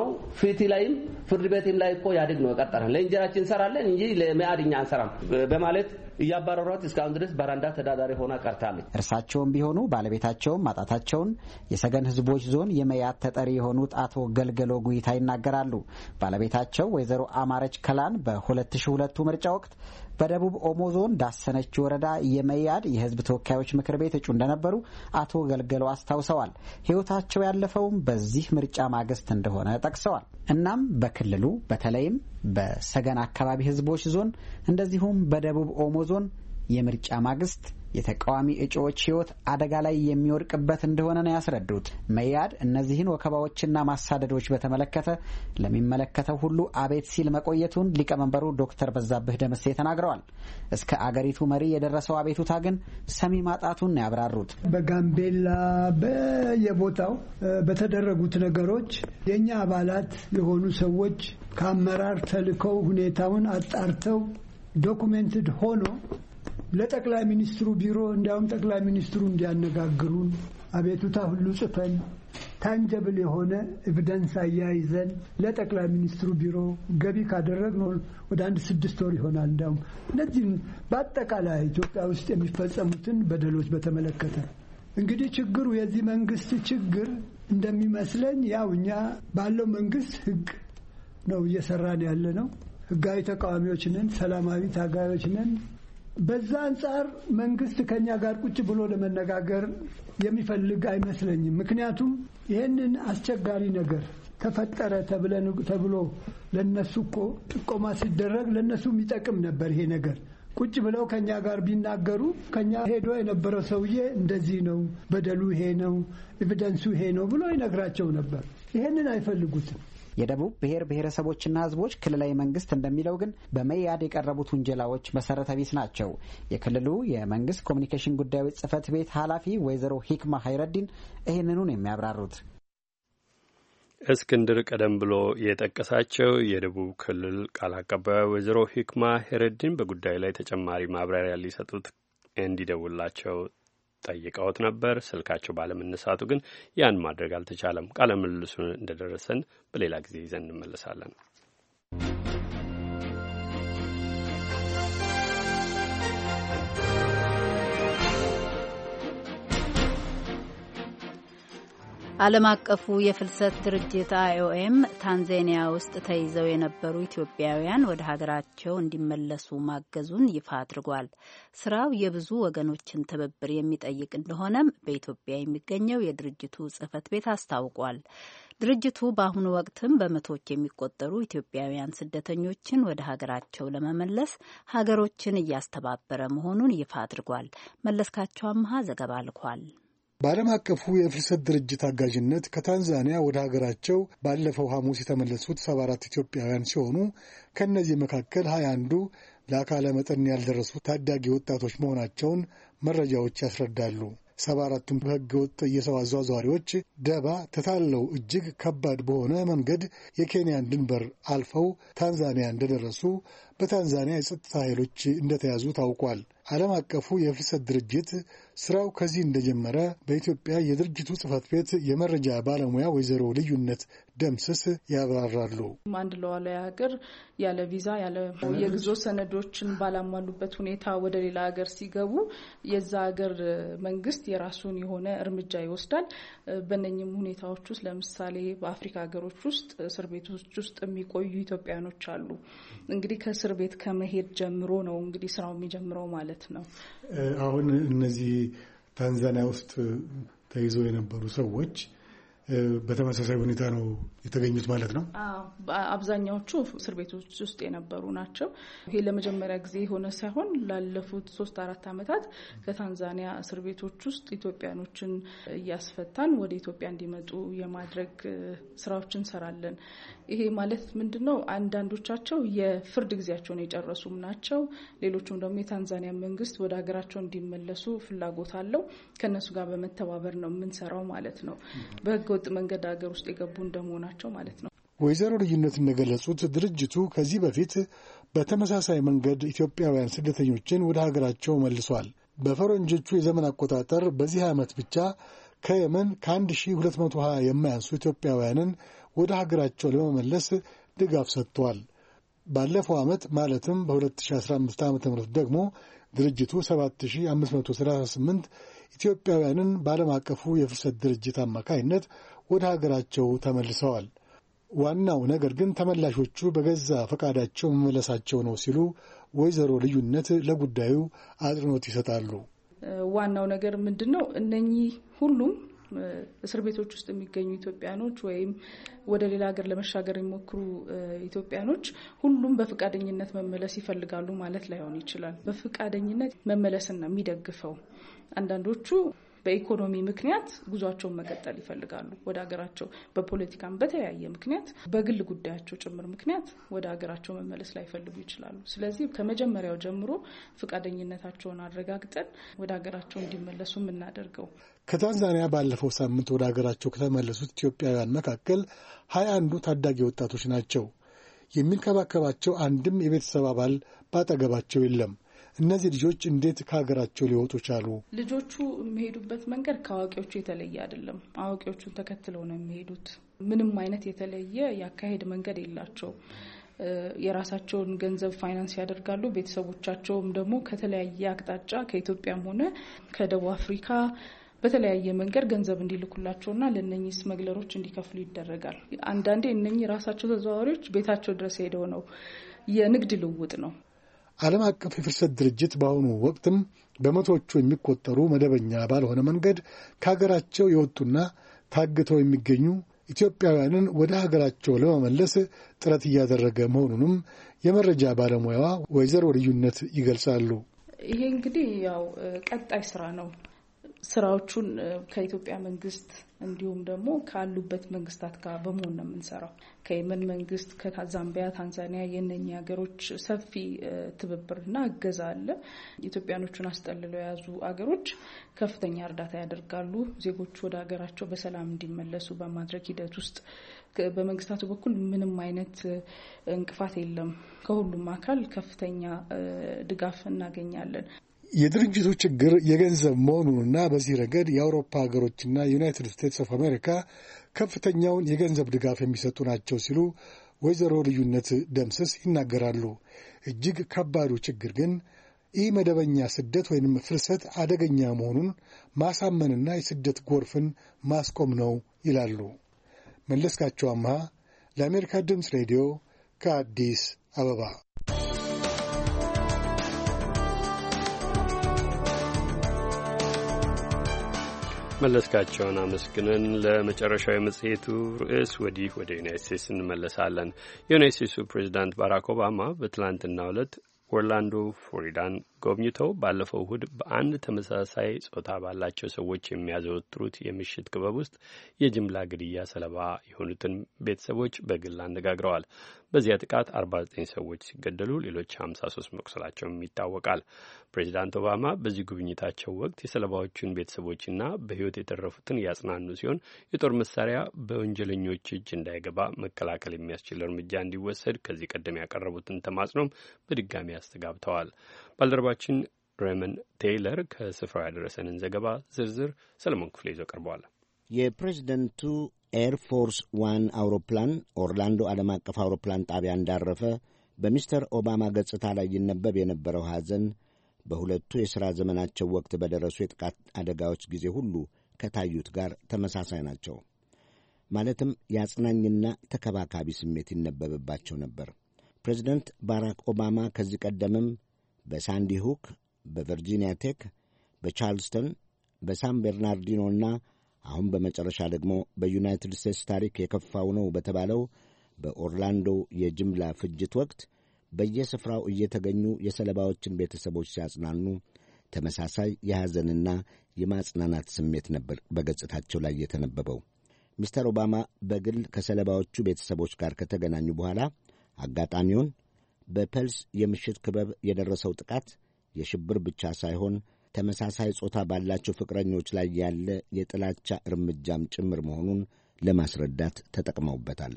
ነው ፊት ላይም ፍርድ ቤት ላይ እኮ ያድግ ነው የቀጠረን ለእንጀራችን እንሰራለን እንጂ ለመያድ አንሰራም በማለት እያባረሯት እስካሁን ድረስ በረንዳ ተዳዳሪ ሆና ቀርታለች። እርሳቸውም ቢሆኑ ባለቤታቸውም ማጣታቸውን የሰገን ህዝቦች ዞን የመያት ተጠሪ የሆኑት አቶ ገልገሎ ጉይታ ይናገራሉ። ባለቤታቸው ወይዘሮ አማረች ከላን በ2002 ምርጫ ወቅት በደቡብ ኦሞ ዞን ዳሰነች ወረዳ የመያድ የህዝብ ተወካዮች ምክር ቤት እጩ እንደነበሩ አቶ ገልገሎ አስታውሰዋል። ህይወታቸው ያለፈውም በዚህ ምርጫ ማግስት እንደሆነ ጠቅሰዋል። እናም በክልሉ በተለይም በሰገን አካባቢ ህዝቦች ዞን እንደዚሁም በደቡብ ኦሞ ዞን የምርጫ ማግስት የተቃዋሚ እጩዎች ህይወት አደጋ ላይ የሚወድቅበት እንደሆነ ነው ያስረዱት። መያድ እነዚህን ወከባዎችና ማሳደዶች በተመለከተ ለሚመለከተው ሁሉ አቤት ሲል መቆየቱን ሊቀመንበሩ ዶክተር በዛብህ ደምሴ ተናግረዋል። እስከ አገሪቱ መሪ የደረሰው አቤቱታ ግን ሰሚ ማጣቱን ያብራሩት በጋምቤላ በየቦታው በተደረጉት ነገሮች የእኛ አባላት የሆኑ ሰዎች ከአመራር ተልከው ሁኔታውን አጣርተው ዶኩሜንትድ ሆኖ ለጠቅላይ ሚኒስትሩ ቢሮ እንዲያውም ጠቅላይ ሚኒስትሩ እንዲያነጋግሩን አቤቱታ ሁሉ ጽፈን ታንጀብል የሆነ ኤቪደንስ አያይዘን ለጠቅላይ ሚኒስትሩ ቢሮ ገቢ ካደረግነው ወደ አንድ ስድስት ወር ይሆናል። እንዲያውም እነዚህም በአጠቃላይ ኢትዮጵያ ውስጥ የሚፈጸሙትን በደሎች በተመለከተ እንግዲህ ችግሩ የዚህ መንግስት ችግር እንደሚመስለኝ ያው እኛ ባለው መንግስት ህግ ነው እየሰራን ያለ ነው። ህጋዊ ተቃዋሚዎች ነን፣ ሰላማዊ ታጋዮች ነን፣ በዛ አንጻር መንግስት ከኛ ጋር ቁጭ ብሎ ለመነጋገር የሚፈልግ አይመስለኝም። ምክንያቱም ይህንን አስቸጋሪ ነገር ተፈጠረ ተብሎ ለነሱ እኮ ጥቆማ ሲደረግ ለነሱ የሚጠቅም ነበር ይሄ ነገር። ቁጭ ብለው ከኛ ጋር ቢናገሩ ከኛ ሄዶ የነበረው ሰውዬ እንደዚህ ነው፣ በደሉ ይሄ ነው፣ ኤቪደንሱ ይሄ ነው ብሎ ይነግራቸው ነበር። ይሄንን አይፈልጉትም። የደቡብ ብሔር ብሔረሰቦችና ህዝቦች ክልላዊ መንግስት እንደሚለው ግን በመያድ የቀረቡት ውንጀላዎች መሰረተ ቢስ ናቸው። የክልሉ የመንግስት ኮሚኒኬሽን ጉዳዮች ጽህፈት ቤት ኃላፊ ወይዘሮ ሂክማ ሀይረዲን ይህንኑን የሚያብራሩት እስክንድር ቀደም ብሎ የጠቀሳቸው የደቡብ ክልል ቃል አቀባይ ወይዘሮ ሂክማ ሄረዲን በጉዳዩ ላይ ተጨማሪ ማብራሪያ ሊሰጡት እንዲደውላቸው ጠይቀውት ነበር። ስልካቸው ባለመነሳቱ ግን ያን ማድረግ አልተቻለም። ቃለ ምልልሱን እንደደረሰን በሌላ ጊዜ ይዘን እንመለሳለን። ዓለም አቀፉ የፍልሰት ድርጅት አይኦኤም ታንዛኒያ ውስጥ ተይዘው የነበሩ ኢትዮጵያውያን ወደ ሀገራቸው እንዲመለሱ ማገዙን ይፋ አድርጓል። ስራው የብዙ ወገኖችን ትብብር የሚጠይቅ እንደሆነም በኢትዮጵያ የሚገኘው የድርጅቱ ጽህፈት ቤት አስታውቋል። ድርጅቱ በአሁኑ ወቅትም በመቶዎች የሚቆጠሩ ኢትዮጵያውያን ስደተኞችን ወደ ሀገራቸው ለመመለስ ሀገሮችን እያስተባበረ መሆኑን ይፋ አድርጓል። መለስካቸው አምሃ ዘገባ ልኳል። በዓለም አቀፉ የፍልሰት ድርጅት አጋዥነት ከታንዛኒያ ወደ ሀገራቸው ባለፈው ሐሙስ የተመለሱት ሰባ ኢትዮጵያውያን ሲሆኑ ከእነዚህ መካከል ሀያ አንዱ ለአካለ መጠን ያልደረሱ ታዳጊ ወጣቶች መሆናቸውን መረጃዎች ያስረዳሉ። ሰባ አራቱም ሕገ ወጥ የሰው አዟዟሪዎች ደባ ተታለው እጅግ ከባድ በሆነ መንገድ የኬንያን ድንበር አልፈው ታንዛኒያ እንደደረሱ በታንዛኒያ የጸጥታ ኃይሎች እንደተያዙ ታውቋል። ዓለም አቀፉ የፍልሰት ድርጅት ስራው ከዚህ እንደጀመረ በኢትዮጵያ የድርጅቱ ጽህፈት ቤት የመረጃ ባለሙያ ወይዘሮ ልዩነት ደምስስ ያብራራሉ። አንድ ለዋላ ሀገር ያለ ቪዛ ያለ የጉዞ ሰነዶችን ባላሟሉበት ሁኔታ ወደ ሌላ ሀገር ሲገቡ የዛ ሀገር መንግስት የራሱን የሆነ እርምጃ ይወስዳል። በነኝም ሁኔታዎች ውስጥ ለምሳሌ በአፍሪካ ሀገሮች ውስጥ እስር ቤቶች ውስጥ የሚቆዩ ኢትዮጵያኖች አሉ። እንግዲህ ከእስር ቤት ከመሄድ ጀምሮ ነው እንግዲህ ስራው የሚጀምረው ማለት ነው። አሁን እነዚህ ታንዛኒያ ውስጥ ተይዘው የነበሩ ሰዎች በተመሳሳይ ሁኔታ ነው የተገኙት ማለት ነው። አብዛኛዎቹ እስር ቤቶች ውስጥ የነበሩ ናቸው። ይሄ ለመጀመሪያ ጊዜ የሆነ ሳይሆን ላለፉት ሶስት አራት ዓመታት ከታንዛኒያ እስር ቤቶች ውስጥ ኢትዮጵያኖችን እያስፈታን ወደ ኢትዮጵያ እንዲመጡ የማድረግ ስራዎች እንሰራለን። ይሄ ማለት ምንድን ነው? አንዳንዶቻቸው የፍርድ ጊዜያቸውን የጨረሱም ናቸው። ሌሎቹም ደግሞ የታንዛኒያ መንግስት ወደ ሀገራቸው እንዲመለሱ ፍላጎት አለው። ከእነሱ ጋር በመተባበር ነው የምንሰራው ማለት ነው። በህገወጥ መንገድ ሀገር ውስጥ የገቡ እንደመሆናቸው ማለት ነው። ወይዘሮ ልዩነት እንደገለጹት ድርጅቱ ከዚህ በፊት በተመሳሳይ መንገድ ኢትዮጵያውያን ስደተኞችን ወደ ሀገራቸው መልሷል። በፈረንጆቹ የዘመን አቆጣጠር በዚህ ዓመት ብቻ ከየመን ከ1220 የማያንሱ ኢትዮጵያውያንን ወደ ሀገራቸው ለመመለስ ድጋፍ ሰጥቷል። ባለፈው ዓመት ማለትም በ2015 ዓ ም ደግሞ ድርጅቱ ኢትዮጵያውያንን በዓለም አቀፉ የፍልሰት ድርጅት አማካይነት ወደ ሀገራቸው ተመልሰዋል። ዋናው ነገር ግን ተመላሾቹ በገዛ ፈቃዳቸው መመለሳቸው ነው ሲሉ ወይዘሮ ልዩነት ለጉዳዩ አጽንኦት ይሰጣሉ። ዋናው ነገር ምንድን ነው? እነኚህ ሁሉም እስር ቤቶች ውስጥ የሚገኙ ኢትዮጵያኖች ወይም ወደ ሌላ ሀገር ለመሻገር የሚሞክሩ ኢትዮጵያኖች ሁሉም በፈቃደኝነት መመለስ ይፈልጋሉ ማለት ላይሆን ይችላል። በፈቃደኝነት መመለስን ነው የሚደግፈው አንዳንዶቹ በኢኮኖሚ ምክንያት ጉዟቸውን መቀጠል ይፈልጋሉ። ወደ ሀገራቸው በፖለቲካም በተለያየ ምክንያት በግል ጉዳያቸው ጭምር ምክንያት ወደ ሀገራቸው መመለስ ላይፈልጉ ይችላሉ። ስለዚህ ከመጀመሪያው ጀምሮ ፈቃደኝነታቸውን አረጋግጠን ወደ ሀገራቸው እንዲመለሱ የምናደርገው ከታንዛኒያ ባለፈው ሳምንት ወደ ሀገራቸው ከተመለሱት ኢትዮጵያውያን መካከል ሀያ አንዱ ታዳጊ ወጣቶች ናቸው። የሚንከባከባቸው አንድም የቤተሰብ አባል በአጠገባቸው የለም። እነዚህ ልጆች እንዴት ከሀገራቸው ሊወጡ ቻሉ? ልጆቹ የሚሄዱበት መንገድ ከአዋቂዎቹ የተለየ አይደለም። አዋቂዎቹን ተከትለው ነው የሚሄዱት። ምንም አይነት የተለየ የአካሄድ መንገድ የላቸው የራሳቸውን ገንዘብ ፋይናንስ ያደርጋሉ። ቤተሰቦቻቸውም ደግሞ ከተለያየ አቅጣጫ ከኢትዮጵያም ሆነ ከደቡብ አፍሪካ በተለያየ መንገድ ገንዘብ እንዲልኩላቸውና ለእነኚህ ስመግለሮች እንዲከፍሉ ይደረጋል። አንዳንዴ እነኚህ ራሳቸው ተዘዋዋሪዎች ቤታቸው ድረስ ሄደው ነው የንግድ ልውውጥ ነው ዓለም አቀፍ የፍልሰት ድርጅት በአሁኑ ወቅትም በመቶዎቹ የሚቆጠሩ መደበኛ ባልሆነ መንገድ ከሀገራቸው የወጡና ታግተው የሚገኙ ኢትዮጵያውያንን ወደ ሀገራቸው ለመመለስ ጥረት እያደረገ መሆኑንም የመረጃ ባለሙያዋ ወይዘሮ ልዩነት ይገልጻሉ። ይሄ እንግዲህ ያው ቀጣይ ስራ ነው። ስራዎቹን ከኢትዮጵያ መንግስት እንዲሁም ደግሞ ካሉበት መንግስታት ጋር በመሆን ነው የምንሰራው። ከየመን መንግስት፣ ከዛምቢያ፣ ታንዛኒያ የእነኚህ ሀገሮች ሰፊ ትብብርና እገዛ አለ። ኢትዮጵያኖቹን አስጠልለው የያዙ አገሮች ከፍተኛ እርዳታ ያደርጋሉ። ዜጎቹ ወደ ሀገራቸው በሰላም እንዲመለሱ በማድረግ ሂደት ውስጥ በመንግስታቱ በኩል ምንም አይነት እንቅፋት የለም። ከሁሉም አካል ከፍተኛ ድጋፍ እናገኛለን። የድርጅቱ ችግር የገንዘብ መሆኑንና በዚህ ረገድ የአውሮፓ ሀገሮችና ዩናይትድ ስቴትስ ኦፍ አሜሪካ ከፍተኛውን የገንዘብ ድጋፍ የሚሰጡ ናቸው ሲሉ ወይዘሮ ልዩነት ደምስስ ይናገራሉ። እጅግ ከባዱ ችግር ግን ይህ መደበኛ ስደት ወይንም ፍልሰት አደገኛ መሆኑን ማሳመንና የስደት ጎርፍን ማስቆም ነው ይላሉ። መለስካቸው አምሃ ለአሜሪካ ድምፅ ሬዲዮ ከአዲስ አበባ መለስካቸውን አመስግነን ለመጨረሻዊ መጽሔቱ ርዕስ ወዲህ ወደ ዩናይት ስቴትስ እንመለሳለን። የዩናይት ስቴትሱ ፕሬዚዳንት ባራክ ኦባማ በትላንትናው ዕለት ኦርላንዶ ፍሎሪዳን ጎብኝተው ባለፈው እሁድ በአንድ ተመሳሳይ ጾታ ባላቸው ሰዎች የሚያዘወትሩት የምሽት ክበብ ውስጥ የጅምላ ግድያ ሰለባ የሆኑትን ቤተሰቦች በግል አነጋግረዋል። በዚያ ጥቃት 49 ሰዎች ሲገደሉ ሌሎች 53 መቁሰላቸውም ይታወቃል። ፕሬዚዳንት ኦባማ በዚህ ጉብኝታቸው ወቅት የሰለባዎቹን ቤተሰቦችና በሕይወት የተረፉትን ያጽናኑ ሲሆን የጦር መሳሪያ በወንጀለኞች እጅ እንዳይገባ መከላከል የሚያስችል እርምጃ እንዲወሰድ ከዚህ ቀደም ያቀረቡትን ተማጽኖም በድጋሚ አስተጋብተዋል። ባልደረባችን ሬመን ቴይለር ከስፍራው ያደረሰንን ዘገባ ዝርዝር ሰለሞን ክፍለ ይዞ ቀርበዋል። የፕሬዚደንቱ ኤርፎርስ ዋን አውሮፕላን ኦርላንዶ ዓለም አቀፍ አውሮፕላን ጣቢያ እንዳረፈ በሚስተር ኦባማ ገጽታ ላይ ይነበብ የነበረው ሐዘን በሁለቱ የሥራ ዘመናቸው ወቅት በደረሱ የጥቃት አደጋዎች ጊዜ ሁሉ ከታዩት ጋር ተመሳሳይ ናቸው። ማለትም የአጽናኝና ተከባካቢ ስሜት ይነበብባቸው ነበር። ፕሬዚደንት ባራክ ኦባማ ከዚህ ቀደምም በሳንዲ ሁክ፣ በቨርጂኒያ ቴክ፣ በቻርልስተን፣ በሳን ቤርናርዲኖ እና አሁን በመጨረሻ ደግሞ በዩናይትድ ስቴትስ ታሪክ የከፋው ነው በተባለው በኦርላንዶ የጅምላ ፍጅት ወቅት በየስፍራው እየተገኙ የሰለባዎችን ቤተሰቦች ሲያጽናኑ ተመሳሳይ የሐዘንና የማጽናናት ስሜት ነበር በገጽታቸው ላይ የተነበበው። ሚስተር ኦባማ በግል ከሰለባዎቹ ቤተሰቦች ጋር ከተገናኙ በኋላ አጋጣሚውን በፐልስ የምሽት ክበብ የደረሰው ጥቃት የሽብር ብቻ ሳይሆን ተመሳሳይ ጾታ ባላቸው ፍቅረኞች ላይ ያለ የጥላቻ እርምጃም ጭምር መሆኑን ለማስረዳት ተጠቅመውበታል።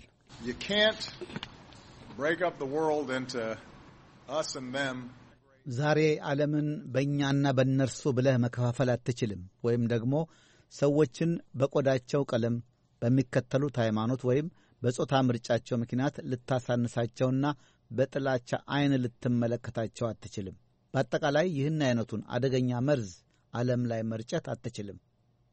ዛሬ ዓለምን በእኛና በእነርሱ ብለህ መከፋፈል አትችልም። ወይም ደግሞ ሰዎችን በቆዳቸው ቀለም፣ በሚከተሉት ሃይማኖት ወይም በጾታ ምርጫቸው ምክንያት ልታሳንሳቸውና በጥላቻ ዐይን ልትመለከታቸው አትችልም። በአጠቃላይ ይህን አይነቱን አደገኛ መርዝ ዓለም ላይ መርጨት አትችልም።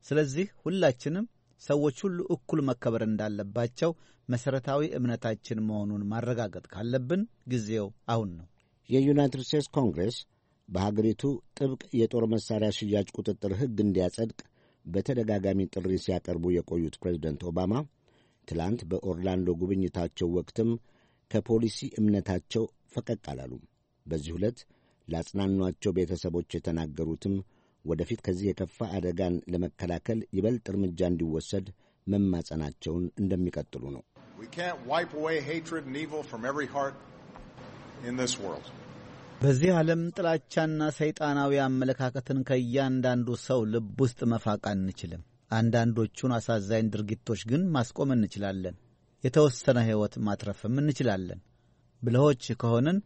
ስለዚህ ሁላችንም ሰዎች ሁሉ እኩል መከበር እንዳለባቸው መሠረታዊ እምነታችን መሆኑን ማረጋገጥ ካለብን ጊዜው አሁን ነው። የዩናይትድ ስቴትስ ኮንግሬስ በሀገሪቱ ጥብቅ የጦር መሣሪያ ሽያጭ ቁጥጥር ሕግ እንዲያጸድቅ በተደጋጋሚ ጥሪ ሲያቀርቡ የቆዩት ፕሬዚደንት ኦባማ ትላንት በኦርላንዶ ጉብኝታቸው ወቅትም ከፖሊሲ እምነታቸው ፈቀቅ አላሉም። በዚህ ዕለት ለአጽናኗቸው ቤተሰቦች የተናገሩትም ወደፊት ከዚህ የከፋ አደጋን ለመከላከል ይበልጥ እርምጃ እንዲወሰድ መማጸናቸውን እንደሚቀጥሉ ነው። በዚህ ዓለም ጥላቻና ሰይጣናዊ አመለካከትን ከእያንዳንዱ ሰው ልብ ውስጥ መፋቅ አንችልም። አንዳንዶቹን አሳዛኝ ድርጊቶች ግን ማስቆም እንችላለን። የተወሰነ ሕይወት ማትረፍም እንችላለን። ብልሆች ከሆንን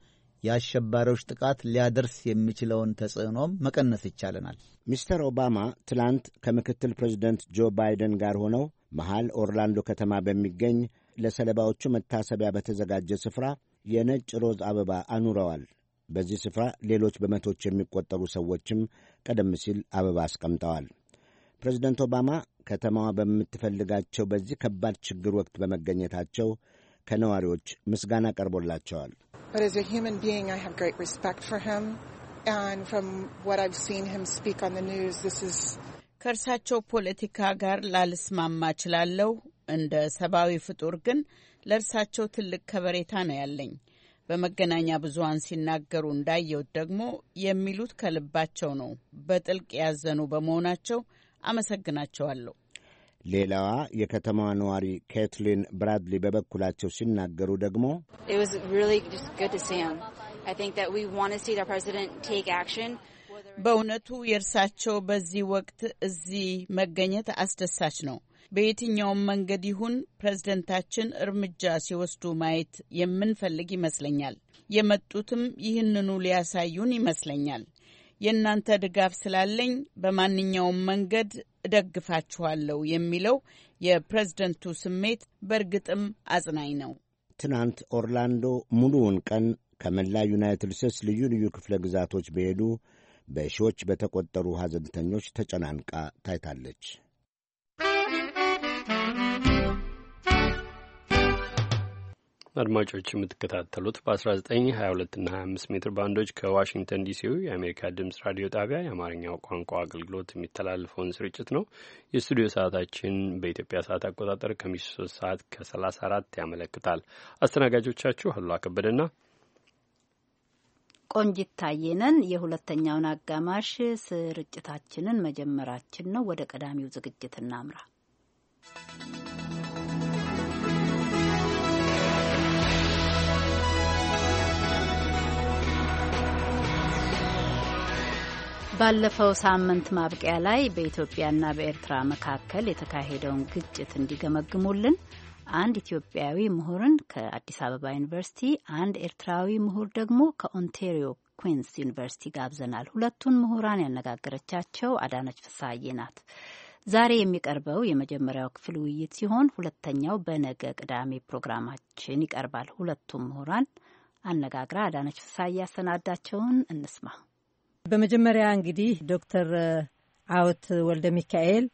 የአሸባሪዎች ጥቃት ሊያደርስ የሚችለውን ተጽዕኖም መቀነስ ይቻለናል። ሚስተር ኦባማ ትላንት ከምክትል ፕሬዚደንት ጆ ባይደን ጋር ሆነው መሃል ኦርላንዶ ከተማ በሚገኝ ለሰለባዎቹ መታሰቢያ በተዘጋጀ ስፍራ የነጭ ሮዝ አበባ አኑረዋል። በዚህ ስፍራ ሌሎች በመቶች የሚቆጠሩ ሰዎችም ቀደም ሲል አበባ አስቀምጠዋል። ፕሬዚደንት ኦባማ ከተማዋ በምትፈልጋቸው በዚህ ከባድ ችግር ወቅት በመገኘታቸው ከነዋሪዎች ምስጋና ቀርቦላቸዋል። ከእርሳቸው ፖለቲካ ጋር ላልስማማ እችላለሁ። እንደ ሰብአዊ ፍጡር ግን ለእርሳቸው ትልቅ ከበሬታ ነው ያለኝ። በመገናኛ ብዙኃን ሲናገሩ እንዳየሁት ደግሞ የሚሉት ከልባቸው ነው። በጥልቅ ያዘኑ በመሆናቸው አመሰግናቸዋለሁ። ሌላዋ የከተማዋ ነዋሪ ኬትሊን ብራድሊ በበኩላቸው ሲናገሩ ደግሞ በእውነቱ የእርሳቸው በዚህ ወቅት እዚህ መገኘት አስደሳች ነው። በየትኛውም መንገድ ይሁን ፕሬዝደንታችን እርምጃ ሲወስዱ ማየት የምንፈልግ ይመስለኛል። የመጡትም ይህንኑ ሊያሳዩን ይመስለኛል። የእናንተ ድጋፍ ስላለኝ በማንኛውም መንገድ እደግፋችኋለሁ የሚለው የፕሬዝደንቱ ስሜት በእርግጥም አጽናኝ ነው። ትናንት ኦርላንዶ ሙሉውን ቀን ከመላ ዩናይትድ ስቴትስ ልዩ ልዩ ክፍለ ግዛቶች በሄዱ በሺዎች በተቆጠሩ ሐዘንተኞች ተጨናንቃ ታይታለች። አድማጮች የምትከታተሉት በ1922 እና 25 ሜትር ባንዶች ከዋሽንግተን ዲሲው የአሜሪካ ድምፅ ራዲዮ ጣቢያ የአማርኛው ቋንቋ አገልግሎት የሚተላለፈውን ስርጭት ነው። የስቱዲዮ ሰዓታችን በኢትዮጵያ ሰዓት አቆጣጠር ከምሽቱ 3 ሰዓት ከ34 ያመለክታል። አስተናጋጆቻችሁ አሉላ ከበደና ቆንጂት ታየነን። የሁለተኛውን አጋማሽ ስርጭታችንን መጀመራችን ነው። ወደ ቀዳሚው ዝግጅት እናምራ። ባለፈው ሳምንት ማብቂያ ላይ በኢትዮጵያና በኤርትራ መካከል የተካሄደውን ግጭት እንዲገመግሙልን አንድ ኢትዮጵያዊ ምሁርን ከአዲስ አበባ ዩኒቨርሲቲ፣ አንድ ኤርትራዊ ምሁር ደግሞ ከኦንቴሪዮ ኩዊንስ ዩኒቨርሲቲ ጋብዘናል። ሁለቱን ምሁራን ያነጋገረቻቸው አዳነች ፍሳዬ ናት። ዛሬ የሚቀርበው የመጀመሪያው ክፍል ውይይት ሲሆን ሁለተኛው በነገ ቅዳሜ ፕሮግራማችን ይቀርባል። ሁለቱም ምሁራን አነጋግራ አዳነች ፍሳዬ ያሰናዳቸውን እንስማ። በመጀመሪያ እንግዲህ ዶክተር አወት ወልደ ሚካኤል፣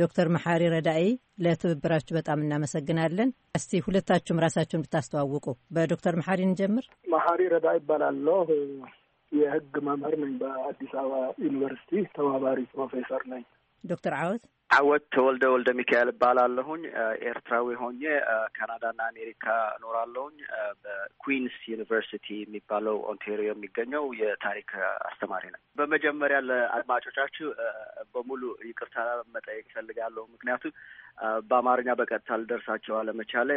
ዶክተር መሐሪ ረዳኤ ለትብብራችሁ በጣም እናመሰግናለን። እስቲ ሁለታችሁም ራሳችሁን ብታስተዋውቁ። በዶክተር መሐሪ እንጀምር። መሐሪ ረዳ ይባላለሁ። የህግ መምህር ነኝ። በአዲስ አበባ ዩኒቨርሲቲ ተባባሪ ፕሮፌሰር ነኝ። ዶክተር አወት አወት ተወልደ ወልደ ሚካኤል እባላለሁኝ። ኤርትራዊ ሆኜ ካናዳና አሜሪካ እኖራለሁኝ። በኩዊንስ ዩኒቨርሲቲ የሚባለው ኦንቴሪዮ የሚገኘው የታሪክ አስተማሪ ነው። በመጀመሪያ ለአድማጮቻችሁ በሙሉ ይቅርታ መጠየቅ እፈልጋለሁ። ምክንያቱም በአማርኛ በቀጥታ ልደርሳቸው አለመቻሌ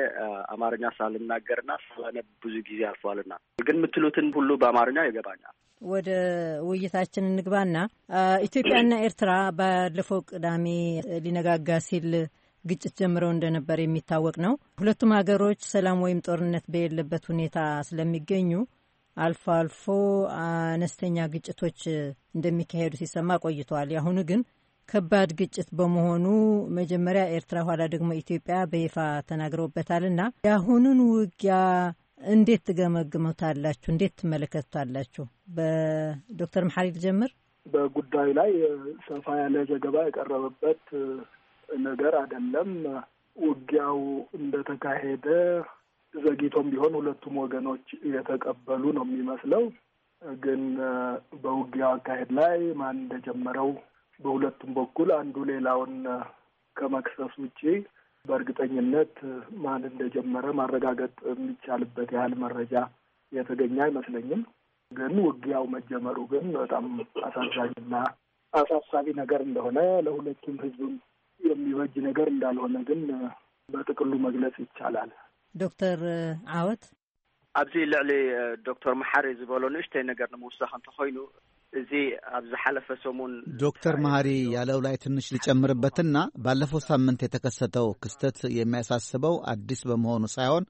አማርኛ ሳልናገርና ሳላነብ ብዙ ጊዜ አልፏልና፣ ግን የምትሉትን ሁሉ በአማርኛ ይገባኛል። ወደ ውይይታችን እንግባና ኢትዮጵያና ኤርትራ ባለፈው ቅዳሜ ሊነጋጋ ሲል ግጭት ጀምረው እንደነበር የሚታወቅ ነው። ሁለቱም ሀገሮች ሰላም ወይም ጦርነት በሌለበት ሁኔታ ስለሚገኙ አልፎ አልፎ አነስተኛ ግጭቶች እንደሚካሄዱ ሲሰማ ቆይተዋል። ያሁኑ ግን ከባድ ግጭት በመሆኑ መጀመሪያ ኤርትራ፣ ኋላ ደግሞ ኢትዮጵያ በይፋ ተናግረውበታልና የአሁኑን ውጊያ እንዴት ትገመግመታላችሁ? እንዴት ትመለከቱታላችሁ? በዶክተር መሐሪ ልጀምር። በጉዳዩ ላይ ሰፋ ያለ ዘገባ የቀረበበት ነገር አይደለም። ውጊያው እንደተካሄደ ዘግይቶም ቢሆን ሁለቱም ወገኖች የተቀበሉ ነው የሚመስለው። ግን በውጊያው አካሄድ ላይ ማን እንደጀመረው በሁለቱም በኩል አንዱ ሌላውን ከመክሰስ ውጪ በእርግጠኝነት ማን እንደጀመረ ማረጋገጥ የሚቻልበት ያህል መረጃ የተገኘ አይመስለኝም። ግን ውጊያው መጀመሩ ግን በጣም አሳዛኝና አሳሳቢ ነገር እንደሆነ ለሁለቱም ህዝብም የሚበጅ ነገር እንዳልሆነ ግን በጥቅሉ መግለጽ ይቻላል። ዶክተር አወት ኣብዚ ልዕሊ ዶክተር መሓሪ ዝበሎ ንእሽተይ ነገር ንምውሳኽ እንተኮይኑ እዚ ኣብ ዝሓለፈ ሰሙን ዶክተር መሃሪ ያለው ላይ ትንሽ ልጨምርበትና ባለፈው ሳምንት የተከሰተው ክስተት የሚያሳስበው አዲስ በመሆኑ ሳይሆን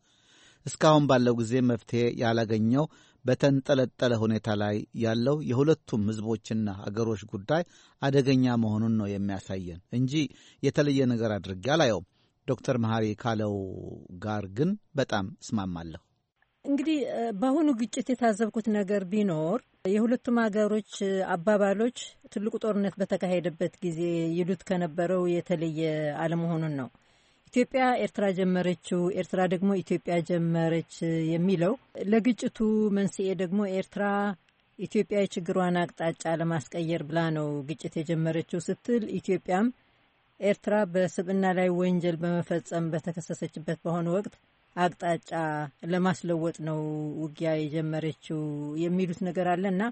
እስካሁን ባለው ጊዜ መፍትሄ ያላገኘው በተንጠለጠለ ሁኔታ ላይ ያለው የሁለቱም ሕዝቦችና አገሮች ጉዳይ አደገኛ መሆኑን ነው የሚያሳየን እንጂ የተለየ ነገር አድርጌ አላየውም። ዶክተር መሐሪ ካለው ጋር ግን በጣም እስማማለሁ። እንግዲህ በአሁኑ ግጭት የታዘብኩት ነገር ቢኖር የሁለቱም ሀገሮች አባባሎች ትልቁ ጦርነት በተካሄደበት ጊዜ ይሉት ከነበረው የተለየ አለመሆኑን ነው። ኢትዮጵያ ኤርትራ ጀመረችው፣ ኤርትራ ደግሞ ኢትዮጵያ ጀመረች የሚለው ለግጭቱ መንስኤ ደግሞ ኤርትራ ኢትዮጵያ የችግሯን አቅጣጫ ለማስቀየር ብላ ነው ግጭት የጀመረችው ስትል ኢትዮጵያም ኤርትራ በስብና ላይ ወንጀል በመፈጸም በተከሰሰችበት በአሁኑ ወቅት አቅጣጫ ለማስለወጥ ነው ውጊያ የጀመረችው የሚሉት ነገር አለ እና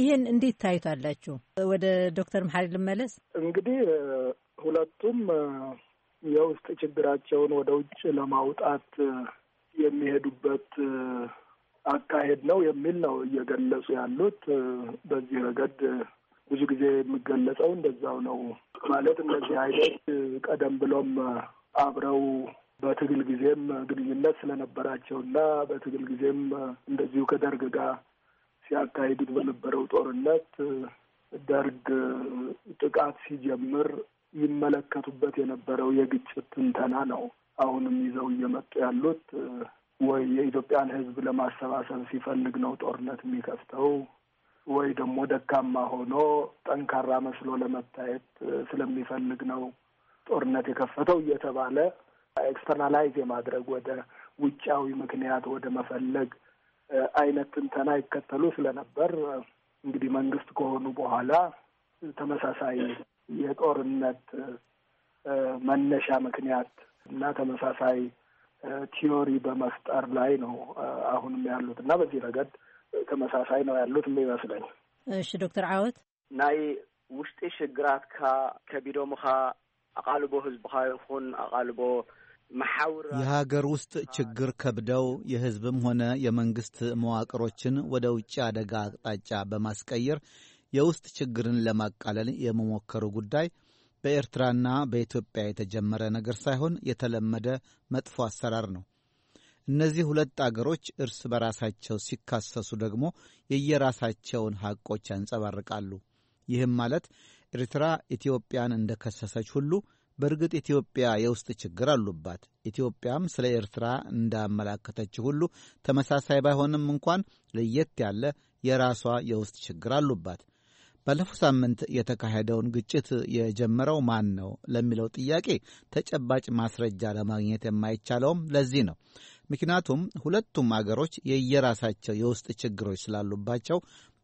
ይህን እንዴት ታዩታላችሁ? ወደ ዶክተር መሀሪ ልመለስ። እንግዲህ ሁለቱም የውስጥ ችግራቸውን ወደ ውጭ ለማውጣት የሚሄዱበት አካሄድ ነው የሚል ነው እየገለጹ ያሉት። በዚህ ረገድ ብዙ ጊዜ የሚገለጸው እንደዛው ነው ማለት እነዚህ አይነት ቀደም ብሎም አብረው በትግል ጊዜም ግንኙነት ስለነበራቸው እና በትግል ጊዜም እንደዚሁ ከደርግ ጋር ሲያካሂዱት በነበረው ጦርነት ደርግ ጥቃት ሲጀምር ይመለከቱበት የነበረው የግጭት ትንተና ነው። አሁንም ይዘው እየመጡ ያሉት ወይ የኢትዮጵያን ሕዝብ ለማሰባሰብ ሲፈልግ ነው ጦርነት የሚከፍተው ወይ ደግሞ ደካማ ሆኖ ጠንካራ መስሎ ለመታየት ስለሚፈልግ ነው ጦርነት የከፈተው እየተባለ ኤክስተርናላይዝ የማድረግ ወደ ውጫዊ ምክንያት ወደ መፈለግ አይነት ትንተና ይከተሉ ስለነበር እንግዲህ መንግስት ከሆኑ በኋላ ተመሳሳይ የጦርነት መነሻ ምክንያት እና ተመሳሳይ ቲዮሪ በመፍጠር ላይ ነው አሁንም ያሉት እና በዚህ ረገድ ተመሳሳይ ነው ያሉት የሚመስለኝ። እሺ ዶክተር አወት ናይ ውሽጢ ሽግራትካ ከቢዶምኻ አቓልቦ ህዝብኻ ይኹን አቃልቦ የሀገር ውስጥ ችግር ከብደው የህዝብም ሆነ የመንግስት መዋቅሮችን ወደ ውጭ አደጋ አቅጣጫ በማስቀየር የውስጥ ችግርን ለማቃለል የመሞከሩ ጉዳይ በኤርትራና በኢትዮጵያ የተጀመረ ነገር ሳይሆን የተለመደ መጥፎ አሰራር ነው። እነዚህ ሁለት አገሮች እርስ በራሳቸው ሲካሰሱ ደግሞ የየራሳቸውን ሐቆች ያንጸባርቃሉ። ይህም ማለት ኤርትራ ኢትዮጵያን እንደ ከሰሰች ሁሉ በእርግጥ ኢትዮጵያ የውስጥ ችግር አሉባት። ኢትዮጵያም ስለ ኤርትራ እንዳመላከተች ሁሉ ተመሳሳይ ባይሆንም እንኳን ለየት ያለ የራሷ የውስጥ ችግር አሉባት። ባለፈው ሳምንት የተካሄደውን ግጭት የጀመረው ማን ነው ለሚለው ጥያቄ ተጨባጭ ማስረጃ ለማግኘት የማይቻለውም ለዚህ ነው። ምክንያቱም ሁለቱም አገሮች የየራሳቸው የውስጥ ችግሮች ስላሉባቸው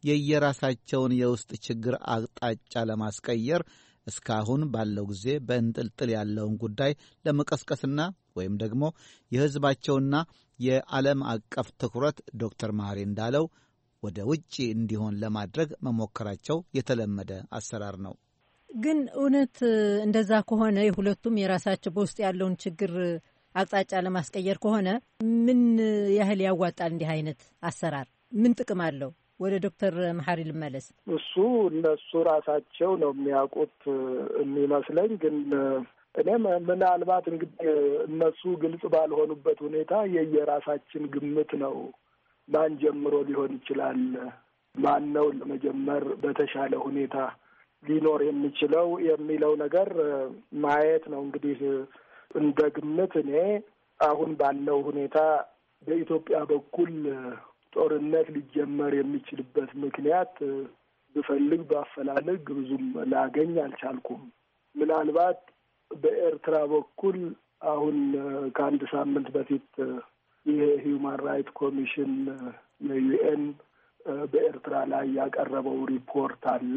የየራሳቸውን የውስጥ ችግር አቅጣጫ ለማስቀየር እስካሁን ባለው ጊዜ በእንጥልጥል ያለውን ጉዳይ ለመቀስቀስና ወይም ደግሞ የሕዝባቸውና የዓለም አቀፍ ትኩረት ዶክተር መሐሪ እንዳለው ወደ ውጭ እንዲሆን ለማድረግ መሞከራቸው የተለመደ አሰራር ነው። ግን እውነት እንደዛ ከሆነ የሁለቱም የራሳቸው በውስጥ ያለውን ችግር አቅጣጫ ለማስቀየር ከሆነ ምን ያህል ያዋጣል? እንዲህ አይነት አሰራር ምን ጥቅም አለው? ወደ ዶክተር መሐሪ ልመለስ። እሱ እነሱ ራሳቸው ነው የሚያውቁት የሚመስለኝ። ግን እኔ ምናልባት እንግዲህ እነሱ ግልጽ ባልሆኑበት ሁኔታ የየራሳችን ግምት ነው ማን ጀምሮ ሊሆን ይችላል? ማን ነው ለመጀመር በተሻለ ሁኔታ ሊኖር የሚችለው የሚለው ነገር ማየት ነው። እንግዲህ እንደ ግምት እኔ አሁን ባለው ሁኔታ በኢትዮጵያ በኩል ጦርነት ሊጀመር የሚችልበት ምክንያት ብፈልግ ባፈላልግ ብዙም ላገኝ አልቻልኩም። ምናልባት በኤርትራ በኩል አሁን ከአንድ ሳምንት በፊት የሂዩማን ራይት ኮሚሽን የዩኤን በኤርትራ ላይ ያቀረበው ሪፖርት አለ።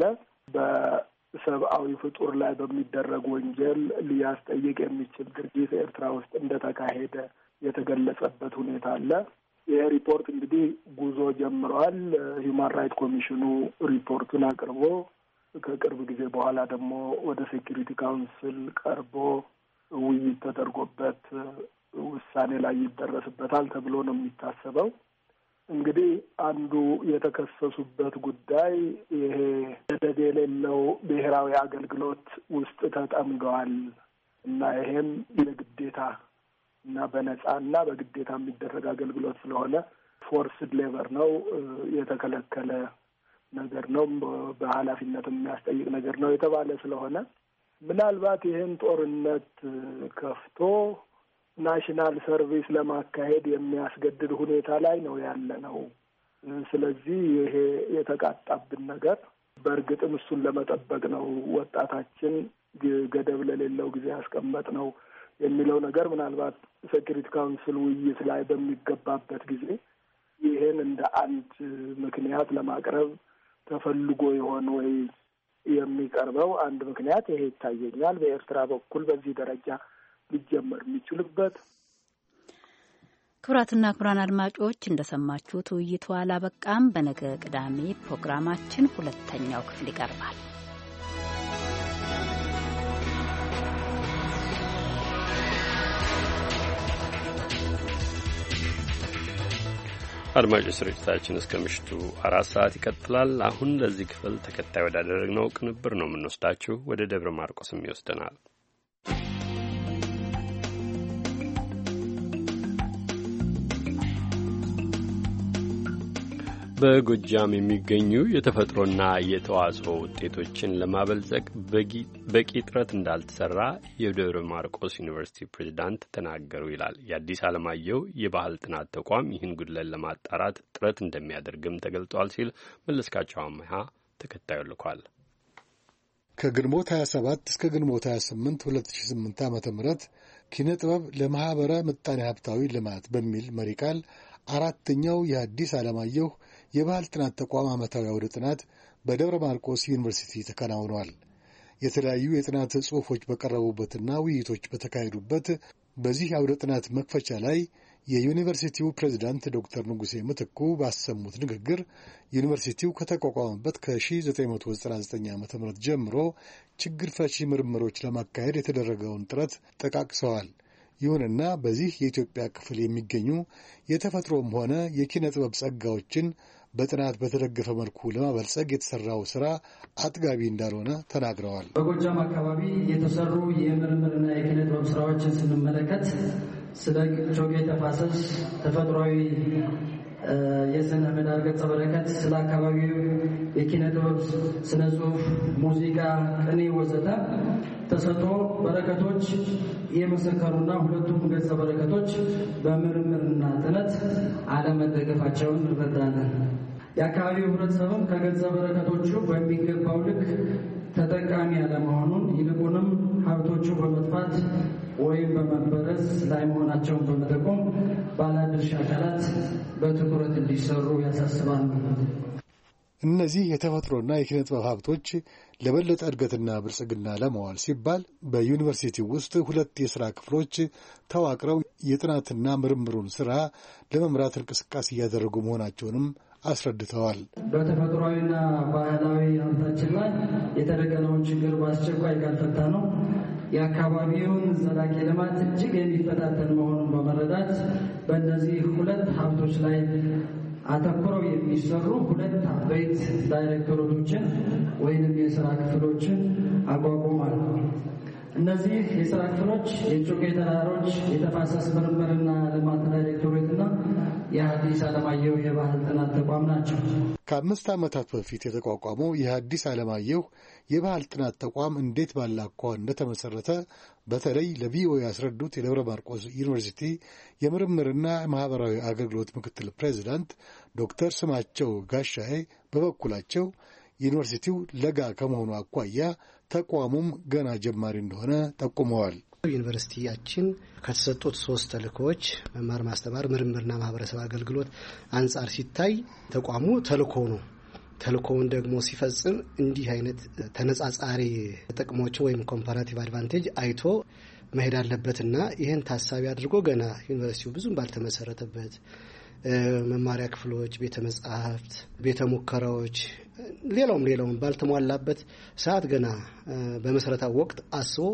በሰብአዊ ፍጡር ላይ በሚደረግ ወንጀል ሊያስጠይቅ የሚችል ድርጊት ኤርትራ ውስጥ እንደተካሄደ የተገለጸበት ሁኔታ አለ። ይህ ሪፖርት እንግዲህ ጉዞ ጀምረዋል። ሂዩማን ራይት ኮሚሽኑ ሪፖርቱን አቅርቦ ከቅርብ ጊዜ በኋላ ደግሞ ወደ ሴኪሪቲ ካውንስል ቀርቦ ውይይት ተደርጎበት ውሳኔ ላይ ይደረስበታል ተብሎ ነው የሚታሰበው። እንግዲህ አንዱ የተከሰሱበት ጉዳይ ይሄ ገደብ የሌለው ብሔራዊ አገልግሎት ውስጥ ተጠምደዋል እና ይሄም የግዴታ እና በነጻ እና በግዴታ የሚደረግ አገልግሎት ስለሆነ ፎርስድ ሌበር ነው፣ የተከለከለ ነገር ነው፣ በኃላፊነት የሚያስጠይቅ ነገር ነው የተባለ ስለሆነ ምናልባት ይህን ጦርነት ከፍቶ ናሽናል ሰርቪስ ለማካሄድ የሚያስገድድ ሁኔታ ላይ ነው ያለ ነው። ስለዚህ ይሄ የተቃጣብን ነገር በእርግጥም እሱን ለመጠበቅ ነው ወጣታችን ገደብ ለሌለው ጊዜ ያስቀመጥ ነው የሚለው ነገር ምናልባት ሴኪሪቲ ካውንስል ውይይት ላይ በሚገባበት ጊዜ ይህን እንደ አንድ ምክንያት ለማቅረብ ተፈልጎ ይሆን ወይ የሚቀርበው አንድ ምክንያት ይሄ ይታየኛል። በኤርትራ በኩል በዚህ ደረጃ ሊጀመር የሚችልበት ክቡራትና ክቡራን አድማጮች እንደሰማችሁት ውይይቱ አላበቃም። በነገ ቅዳሜ ፕሮግራማችን ሁለተኛው ክፍል ይቀርባል። አድማጮች ስርጭታችን እስከ ምሽቱ አራት ሰዓት ይቀጥላል። አሁን ለዚህ ክፍል ተከታይ ወዳደረግነው ቅንብር ነው የምንወስዳችሁ። ወደ ደብረ ማርቆስም ይወስደናል። በጎጃም የሚገኙ የተፈጥሮና የተዋጽኦ ውጤቶችን ለማበልጸግ በቂ ጥረት እንዳልተሰራ የደብረ ማርቆስ ዩኒቨርሲቲ ፕሬዚዳንት ተናገሩ ይላል። የአዲስ ዓለማየሁ የባህል ጥናት ተቋም ይህን ጉድለን ለማጣራት ጥረት እንደሚያደርግም ተገልጧል ሲል መለስካቸው አመሃ ተከታዩ ልኳል። ከግንቦት 27 እስከ ግንቦት 28 2008 ዓ ም ኪነ ጥበብ ለማኅበረ ምጣኔ ሀብታዊ ልማት በሚል መሪ ቃል አራተኛው የአዲስ ዓለማየሁ የባህል ጥናት ተቋም ዓመታዊ አውደ ጥናት በደብረ ማርቆስ ዩኒቨርሲቲ ተከናውኗል። የተለያዩ የጥናት ጽሑፎች በቀረቡበትና ውይይቶች በተካሄዱበት በዚህ አውደ ጥናት መክፈቻ ላይ የዩኒቨርሲቲው ፕሬዚዳንት ዶክተር ንጉሴ ምትኩ ባሰሙት ንግግር ዩኒቨርሲቲው ከተቋቋመበት ከ1999 ዓ ም ጀምሮ ችግር ፈቺ ምርምሮች ለማካሄድ የተደረገውን ጥረት ጠቃቅሰዋል። ይሁንና በዚህ የኢትዮጵያ ክፍል የሚገኙ የተፈጥሮም ሆነ የኪነ ጥበብ ጸጋዎችን በጥናት በተደገፈ መልኩ ለማበልጸግ የተሰራው ስራ አጥጋቢ እንዳልሆነ ተናግረዋል። በጎጃም አካባቢ የተሰሩ የምርምርና የኪነ ጥበብ ስራዎችን ስንመለከት ስለ ጮቤ ተፋሰስ ተፈጥሯዊ የስነ ምህዳር ገጸ በረከት፣ ስለ አካባቢው የኪነ ጥበብ፣ ስነ ጽሁፍ፣ ሙዚቃ፣ ቅኔ ወዘተ ተሰጥቶ በረከቶች የመሰከሩና ሁለቱም ገጸ በረከቶች በምርምርና ጥነት አለመደገፋቸውን እንረዳለን። የአካባቢው ህብረተሰብም ከገንዘብ በረከቶቹ በሚገባው ልክ ተጠቃሚ ያለመሆኑን ይልቁንም ሀብቶቹ በመጥፋት ወይም በመበረዝ ላይ መሆናቸውን በመጠቆም ባለድርሻ አካላት በትኩረት እንዲሰሩ ያሳስባል። እነዚህ የተፈጥሮና የኪነ ጥበብ ሀብቶች ለበለጠ እድገትና ብልጽግና ለመዋል ሲባል በዩኒቨርሲቲ ውስጥ ሁለት የሥራ ክፍሎች ተዋቅረው የጥናትና ምርምሩን ሥራ ለመምራት እንቅስቃሴ እያደረጉ መሆናቸውንም አስረድተዋል። በተፈጥሯዊና ባህላዊ ሀብታችን ላይ የተደቀነውን ችግር በአስቸኳይ ካልፈታ ነው የአካባቢውን ዘላቂ ልማት እጅግ የሚፈታተን መሆኑን በመረዳት በእነዚህ ሁለት ሀብቶች ላይ አተኩረው የሚሰሩ ሁለት አበይት ዳይሬክተሮችን ወይንም የስራ ክፍሎችን አቋቁሟል። እነዚህ የስራ ክፍሎች የጮቄ ተራሮች የተፋሰስ ምርምርና ልማት ዳይሬክተሮች የሀዲስ አለማየሁ የባህል ጥናት ተቋም ናቸው። ከአምስት ዓመታት በፊት የተቋቋመው የሀዲስ አለማየሁ የባህል ጥናት ተቋም እንዴት ባለ አኳኋን እንደተመሠረተ በተለይ ለቪኦኤ ያስረዱት የደብረ ማርቆስ ዩኒቨርሲቲ የምርምርና ማኅበራዊ አገልግሎት ምክትል ፕሬዚዳንት ዶክተር ስማቸው ጋሻዬ በበኩላቸው ዩኒቨርሲቲው ለጋ ከመሆኑ አኳያ ተቋሙም ገና ጀማሪ እንደሆነ ጠቁመዋል። ዩኒቨርሲቲያችን ከተሰጡት ሶስት ተልእኮዎች መማር ማስተማር፣ ምርምርና ማህበረሰብ አገልግሎት አንጻር ሲታይ ተቋሙ ተልእኮ ነው። ተልእኮውን ደግሞ ሲፈጽም እንዲህ አይነት ተነጻጻሪ ጥቅሞች ወይም ኮምፓራቲቭ አድቫንቴጅ አይቶ መሄድ አለበትና ይህን ታሳቢ አድርጎ ገና ዩኒቨርሲቲው ብዙም ባልተመሰረተበት መማሪያ ክፍሎች፣ ቤተ መጻሕፍት፣ ቤተ ሙከራዎች፣ ሌላውም ሌላውም ባልተሟላበት ሰዓት ገና በመሰረታዊ ወቅት አስቦ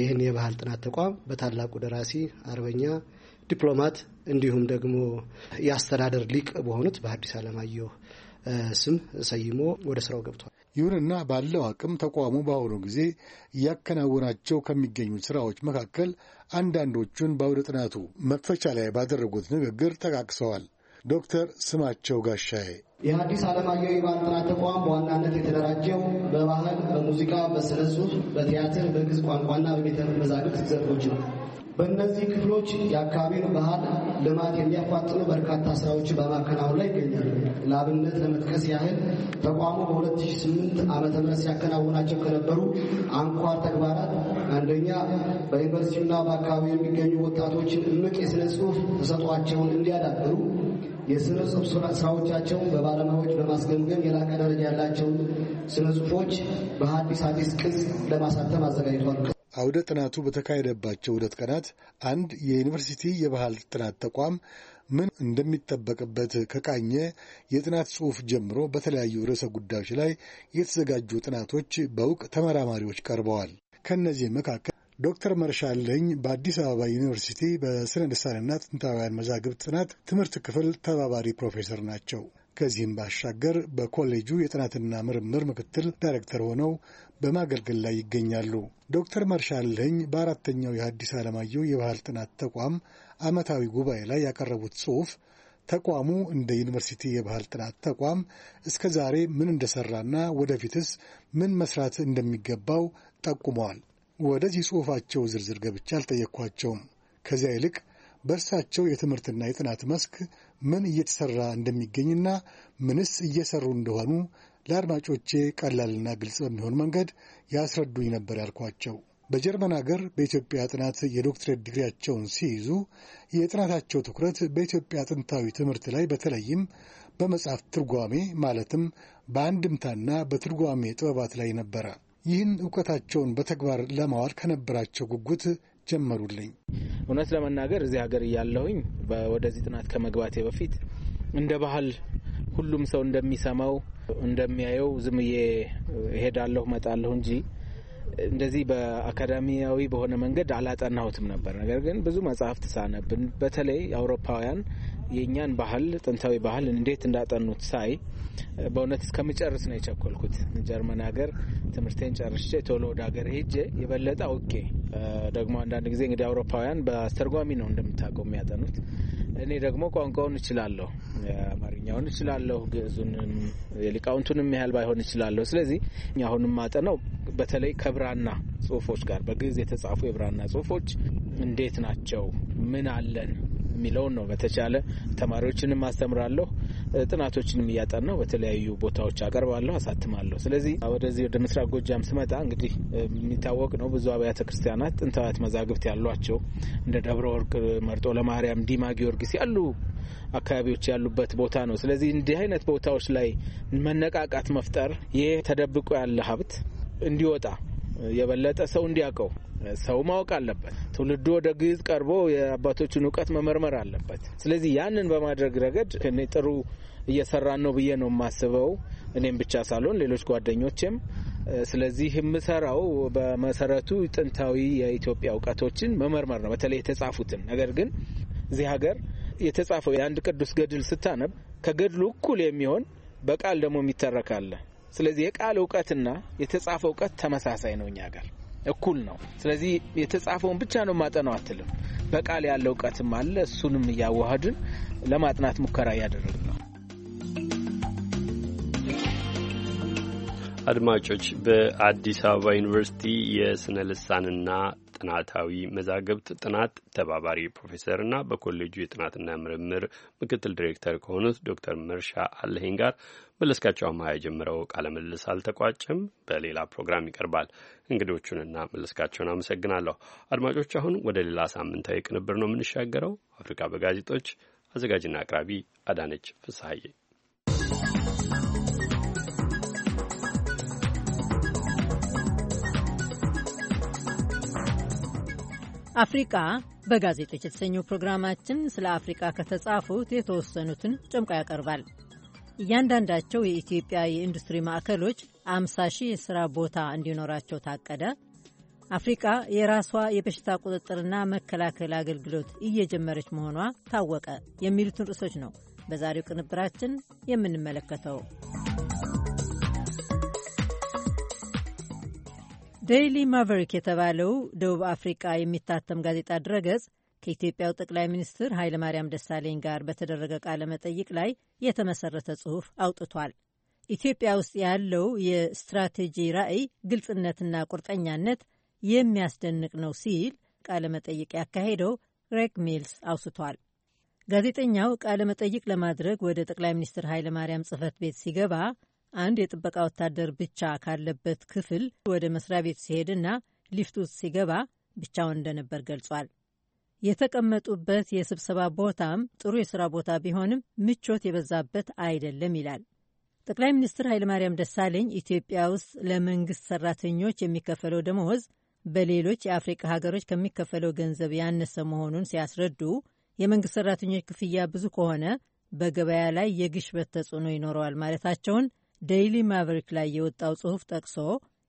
ይህን የባህል ጥናት ተቋም በታላቁ ደራሲ አርበኛ ዲፕሎማት እንዲሁም ደግሞ የአስተዳደር ሊቅ በሆኑት በሐዲስ ዓለማየሁ ስም ሰይሞ ወደ ስራው ገብቷል። ይሁንና ባለው አቅም ተቋሙ በአሁኑ ጊዜ እያከናወናቸው ከሚገኙ ስራዎች መካከል አንዳንዶቹን በአውደ ጥናቱ መክፈቻ ላይ ባደረጉት ንግግር ጠቃቅሰዋል። ዶክተር ስማቸው ጋሻዬ የአዲስ ዓለማየሁ የባልጥናት ተቋም በዋናነት የተደራጀው በባህል፣ በሙዚቃ፣ በስነ ጽሁፍ፣ በቲያትር፣ በግዕዝ ቋንቋና በቤተ መዛግብት ዘርፎች ነው። በእነዚህ ክፍሎች የአካባቢውን ባህል ልማት የሚያፋጥኑ በርካታ ስራዎች በማከናወን ላይ ይገኛሉ። ለአብነት ለመጥቀስ ያህል ተቋሙ በ2008 ዓመተ ምህረት ሲያከናውናቸው ከነበሩ አንኳር ተግባራት አንደኛ በዩኒቨርሲቲውና በአካባቢው የሚገኙ ወጣቶችን እምቅ የሥነ ጽሁፍ ተሰጧቸውን እንዲያዳብሩ የስነ ጽሁፍ ስራዎቻቸውን በባለሙያዎች በማስገምገም የላቀ ደረጃ ያላቸውን ስነ ጽሁፎች በሀዲስ አዲስ ቅጽ ለማሳተም አዘጋጅቷል። አውደ ጥናቱ በተካሄደባቸው ሁለት ቀናት አንድ የዩኒቨርሲቲ የባህል ጥናት ተቋም ምን እንደሚጠበቅበት ከቃኘ የጥናት ጽሑፍ ጀምሮ በተለያዩ ርዕሰ ጉዳዮች ላይ የተዘጋጁ ጥናቶች በእውቅ ተመራማሪዎች ቀርበዋል። ከእነዚህ መካከል ዶክተር መርሻለኝ በአዲስ አበባ ዩኒቨርሲቲ በስነ ልሳንና ጥንታውያን መዛግብት ጥናት ትምህርት ክፍል ተባባሪ ፕሮፌሰር ናቸው። ከዚህም ባሻገር በኮሌጁ የጥናትና ምርምር ምክትል ዳይሬክተር ሆነው በማገልገል ላይ ይገኛሉ። ዶክተር መርሻ በአራተኛው የሐዲስ ዓለማየሁ የባህል ጥናት ተቋም ዓመታዊ ጉባኤ ላይ ያቀረቡት ጽሑፍ ተቋሙ እንደ ዩኒቨርሲቲ የባህል ጥናት ተቋም እስከ ዛሬ ምን እንደሰራና ወደፊትስ ምን መስራት እንደሚገባው ጠቁመዋል። ወደዚህ ጽሑፋቸው ዝርዝር ገብቼ አልጠየቅኳቸውም። ከዚያ ይልቅ በእርሳቸው የትምህርትና የጥናት መስክ ምን እየተሠራ እንደሚገኝና ምንስ እየሠሩ እንደሆኑ ለአድማጮቼ ቀላልና ግልጽ በሚሆን መንገድ ያስረዱኝ ነበር ያልኳቸው። በጀርመን አገር በኢትዮጵያ ጥናት የዶክትሬት ዲግሪያቸውን ሲይዙ የጥናታቸው ትኩረት በኢትዮጵያ ጥንታዊ ትምህርት ላይ በተለይም በመጽሐፍ ትርጓሜ ማለትም በአንድምታና በትርጓሜ ጥበባት ላይ ነበረ። ይህን እውቀታቸውን በተግባር ለማዋል ከነበራቸው ጉጉት ጀመሩልኝ። እውነት ለመናገር እዚህ ሀገር እያለሁኝ ወደዚህ ጥናት ከመግባቴ በፊት እንደ ባህል ሁሉም ሰው እንደሚሰማው እንደሚያየው ዝምዬ እሄዳለሁ መጣለሁ እንጂ እንደዚህ በአካዳሚያዊ በሆነ መንገድ አላጠናሁትም ነበር። ነገር ግን ብዙ መጽሐፍት ሳነብን በተለይ አውሮፓውያን የእኛን ባህል ጥንታዊ ባህል እንዴት እንዳጠኑት ሳይ በእውነት እስከምጨርስ ነው የቸኮልኩት። ጀርመን ሀገር ትምህርቴን ጨርሼ ቶሎ ወደ ሀገር ሄጄ የበለጠ አውቄ ደግሞ አንዳንድ ጊዜ እንግዲህ አውሮፓውያን በአስተርጓሚ ነው እንደምታውቀው የሚያጠኑት። እኔ ደግሞ ቋንቋውን እችላለሁ፣ አማርኛውን እችላለሁ፣ ግዕዙንም የሊቃውንቱንም ያህል ባይሆን እችላለሁ። ስለዚህ አሁንም ማጠነው በተለይ ከብራና ጽሁፎች ጋር በግዕዝ የተጻፉ የብራና ጽሁፎች እንዴት ናቸው? ምን አለን የሚለውን ነው። በተቻለ ተማሪዎችንም አስተምራለሁ፣ ጥናቶችንም እያጠናው በተለያዩ ቦታዎች አቀርባለሁ፣ አሳትማለሁ። ስለዚህ ወደዚህ ወደ ምስራቅ ጎጃም ስመጣ እንግዲህ የሚታወቅ ነው ብዙ አብያተ ክርስቲያናት ጥንታዊት መዛግብት ያሏቸው እንደ ደብረ ወርቅ፣ መርጦ ለማርያም፣ ዲማ ጊዮርጊስ ያሉ አካባቢዎች ያሉበት ቦታ ነው። ስለዚህ እንዲህ አይነት ቦታዎች ላይ መነቃቃት መፍጠር ይህ ተደብቆ ያለ ሀብት እንዲወጣ የበለጠ ሰው እንዲያውቀው ሰው ማወቅ አለበት። ትውልዱ ወደ ግዕዝ ቀርቦ የአባቶችን እውቀት መመርመር አለበት። ስለዚህ ያንን በማድረግ ረገድ እኔ ጥሩ እየሰራን ነው ብዬ ነው የማስበው። እኔም ብቻ ሳልሆን ሌሎች ጓደኞችም። ስለዚህ የምሰራው በመሰረቱ ጥንታዊ የኢትዮጵያ እውቀቶችን መመርመር ነው፣ በተለይ የተጻፉትን። ነገር ግን እዚህ ሀገር የተጻፈው የአንድ ቅዱስ ገድል ስታነብ ከገድሉ እኩል የሚሆን በቃል ደግሞ የሚተረካለ። ስለዚህ የቃል እውቀትና የተጻፈ እውቀት ተመሳሳይ ነው እኛ ጋር እኩል ነው። ስለዚህ የተጻፈውን ብቻ ነው ማጠነው አትልም። በቃል ያለ እውቀትም አለ። እሱንም እያዋህድን ለማጥናት ሙከራ እያደረግን ነው። አድማጮች በአዲስ አበባ ዩኒቨርሲቲ የስነ ልሳንና ጥናታዊ መዛግብት ጥናት ተባባሪ ፕሮፌሰርና በኮሌጁ የጥናትና ምርምር ምክትል ዲሬክተር ከሆኑት ዶክተር መርሻ አለሄን ጋር መለስካቸው አማሃ የጀመረው ቃለ ምልልስ አልተቋጨም። በሌላ ፕሮግራም ይቀርባል። እንግዶቹንና መለስካቸውን አመሰግናለሁ። አድማጮች፣ አሁን ወደ ሌላ ሳምንታዊ ቅንብር ነው የምንሻገረው። አፍሪካ በጋዜጦች አዘጋጅና አቅራቢ አዳነች ፍስሐዬ አፍሪቃ በጋዜጦች የተሰኘው ፕሮግራማችን ስለ አፍሪቃ ከተጻፉት የተወሰኑትን ጨምቆ ያቀርባል። እያንዳንዳቸው የኢትዮጵያ የኢንዱስትሪ ማዕከሎች 50 ሺህ የሥራ ቦታ እንዲኖራቸው ታቀደ። አፍሪቃ የራሷ የበሽታ ቁጥጥርና መከላከል አገልግሎት እየጀመረች መሆኗ ታወቀ የሚሉትን ርዕሶች ነው በዛሬው ቅንብራችን የምንመለከተው። ዴይሊ ማቨሪክ የተባለው ደቡብ አፍሪቃ የሚታተም ጋዜጣ ድረገጽ ከኢትዮጵያው ጠቅላይ ሚኒስትር ኃይለማርያም ደሳለኝ ጋር በተደረገ ቃለ መጠይቅ ላይ የተመሰረተ ጽሑፍ አውጥቷል። ኢትዮጵያ ውስጥ ያለው የስትራቴጂ ራዕይ ግልጽነትና ቁርጠኛነት የሚያስደንቅ ነው ሲል ቃለ መጠይቅ ያካሄደው ግሬግ ሚልስ አውስቷል። ጋዜጠኛው ቃለ መጠይቅ ለማድረግ ወደ ጠቅላይ ሚኒስትር ኃይለ ማርያም ጽህፈት ቤት ሲገባ አንድ የጥበቃ ወታደር ብቻ ካለበት ክፍል ወደ መስሪያ ቤት ሲሄድና ሊፍት ውስጥ ሲገባ ብቻውን እንደነበር ገልጿል። የተቀመጡበት የስብሰባ ቦታም ጥሩ የሥራ ቦታ ቢሆንም ምቾት የበዛበት አይደለም ይላል። ጠቅላይ ሚኒስትር ኃይለማርያም ደሳለኝ ኢትዮጵያ ውስጥ ለመንግስት ሰራተኞች የሚከፈለው ደመወዝ በሌሎች የአፍሪቃ ሀገሮች ከሚከፈለው ገንዘብ ያነሰ መሆኑን ሲያስረዱ የመንግስት ሰራተኞች ክፍያ ብዙ ከሆነ በገበያ ላይ የግሽበት ተጽዕኖ ይኖረዋል ማለታቸውን ዴይሊ ማቨሪክ ላይ የወጣው ጽሑፍ ጠቅሶ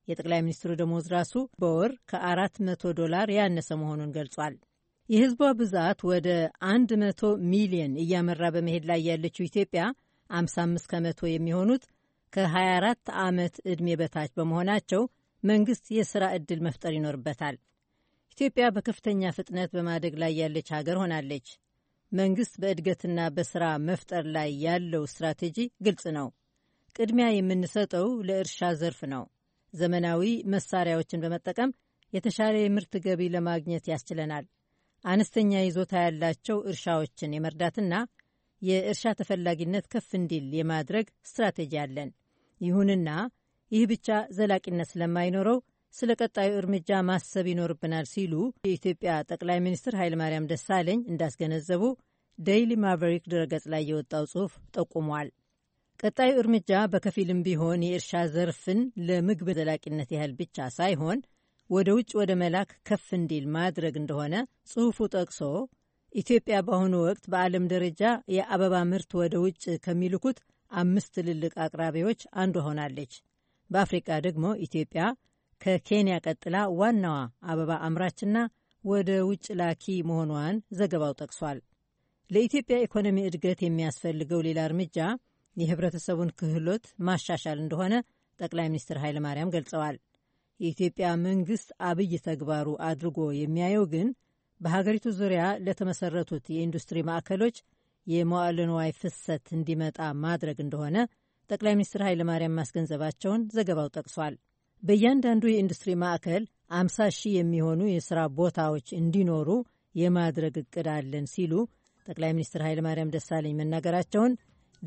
የጠቅላይ ሚኒስትሩ ደሞዝ ራሱ በወር ከ400 ዶላር ያነሰ መሆኑን ገልጿል። የህዝቧ ብዛት ወደ 100 ሚሊዮን እያመራ በመሄድ ላይ ያለችው ኢትዮጵያ 55 ከመቶ የሚሆኑት ከ24 ዓመት ዕድሜ በታች በመሆናቸው መንግሥት የሥራ ዕድል መፍጠር ይኖርበታል። ኢትዮጵያ በከፍተኛ ፍጥነት በማደግ ላይ ያለች ሀገር ሆናለች። መንግሥት በእድገትና በሥራ መፍጠር ላይ ያለው ስትራቴጂ ግልጽ ነው። ቅድሚያ የምንሰጠው ለእርሻ ዘርፍ ነው። ዘመናዊ መሳሪያዎችን በመጠቀም የተሻለ የምርት ገቢ ለማግኘት ያስችለናል። አነስተኛ ይዞታ ያላቸው እርሻዎችን የመርዳትና የእርሻ ተፈላጊነት ከፍ እንዲል የማድረግ ስትራቴጂ አለን። ይሁንና ይህ ብቻ ዘላቂነት ስለማይኖረው ስለ ቀጣዩ እርምጃ ማሰብ ይኖርብናል ሲሉ የኢትዮጵያ ጠቅላይ ሚኒስትር ኃይለማርያም ደሳለኝ እንዳስገነዘቡ ዴይሊ ማቨሪክ ድረገጽ ላይ የወጣው ጽሑፍ ጠቁሟል። ቀጣዩ እርምጃ በከፊልም ቢሆን የእርሻ ዘርፍን ለምግብ ዘላቂነት ያህል ብቻ ሳይሆን ወደ ውጭ ወደ መላክ ከፍ እንዲል ማድረግ እንደሆነ ጽሑፉ ጠቅሶ ኢትዮጵያ በአሁኑ ወቅት በዓለም ደረጃ የአበባ ምርት ወደ ውጭ ከሚልኩት አምስት ትልልቅ አቅራቢዎች አንዷ ሆናለች። በአፍሪቃ ደግሞ ኢትዮጵያ ከኬንያ ቀጥላ ዋናዋ አበባ አምራችና ወደ ውጭ ላኪ መሆኗን ዘገባው ጠቅሷል። ለኢትዮጵያ ኢኮኖሚ እድገት የሚያስፈልገው ሌላ እርምጃ የህብረተሰቡን ክህሎት ማሻሻል እንደሆነ ጠቅላይ ሚኒስትር ኃይለ ማርያም ገልጸዋል። የኢትዮጵያ መንግስት አብይ ተግባሩ አድርጎ የሚያየው ግን በሀገሪቱ ዙሪያ ለተመሰረቱት የኢንዱስትሪ ማዕከሎች የመዋዕለ ንዋይ ፍሰት እንዲመጣ ማድረግ እንደሆነ ጠቅላይ ሚኒስትር ኃይለማርያም ማስገንዘባቸውን ዘገባው ጠቅሷል። በእያንዳንዱ የኢንዱስትሪ ማዕከል 50 ሺህ የሚሆኑ የሥራ ቦታዎች እንዲኖሩ የማድረግ እቅድ አለን ሲሉ ጠቅላይ ሚኒስትር ኃይለማርያም ደሳለኝ መናገራቸውን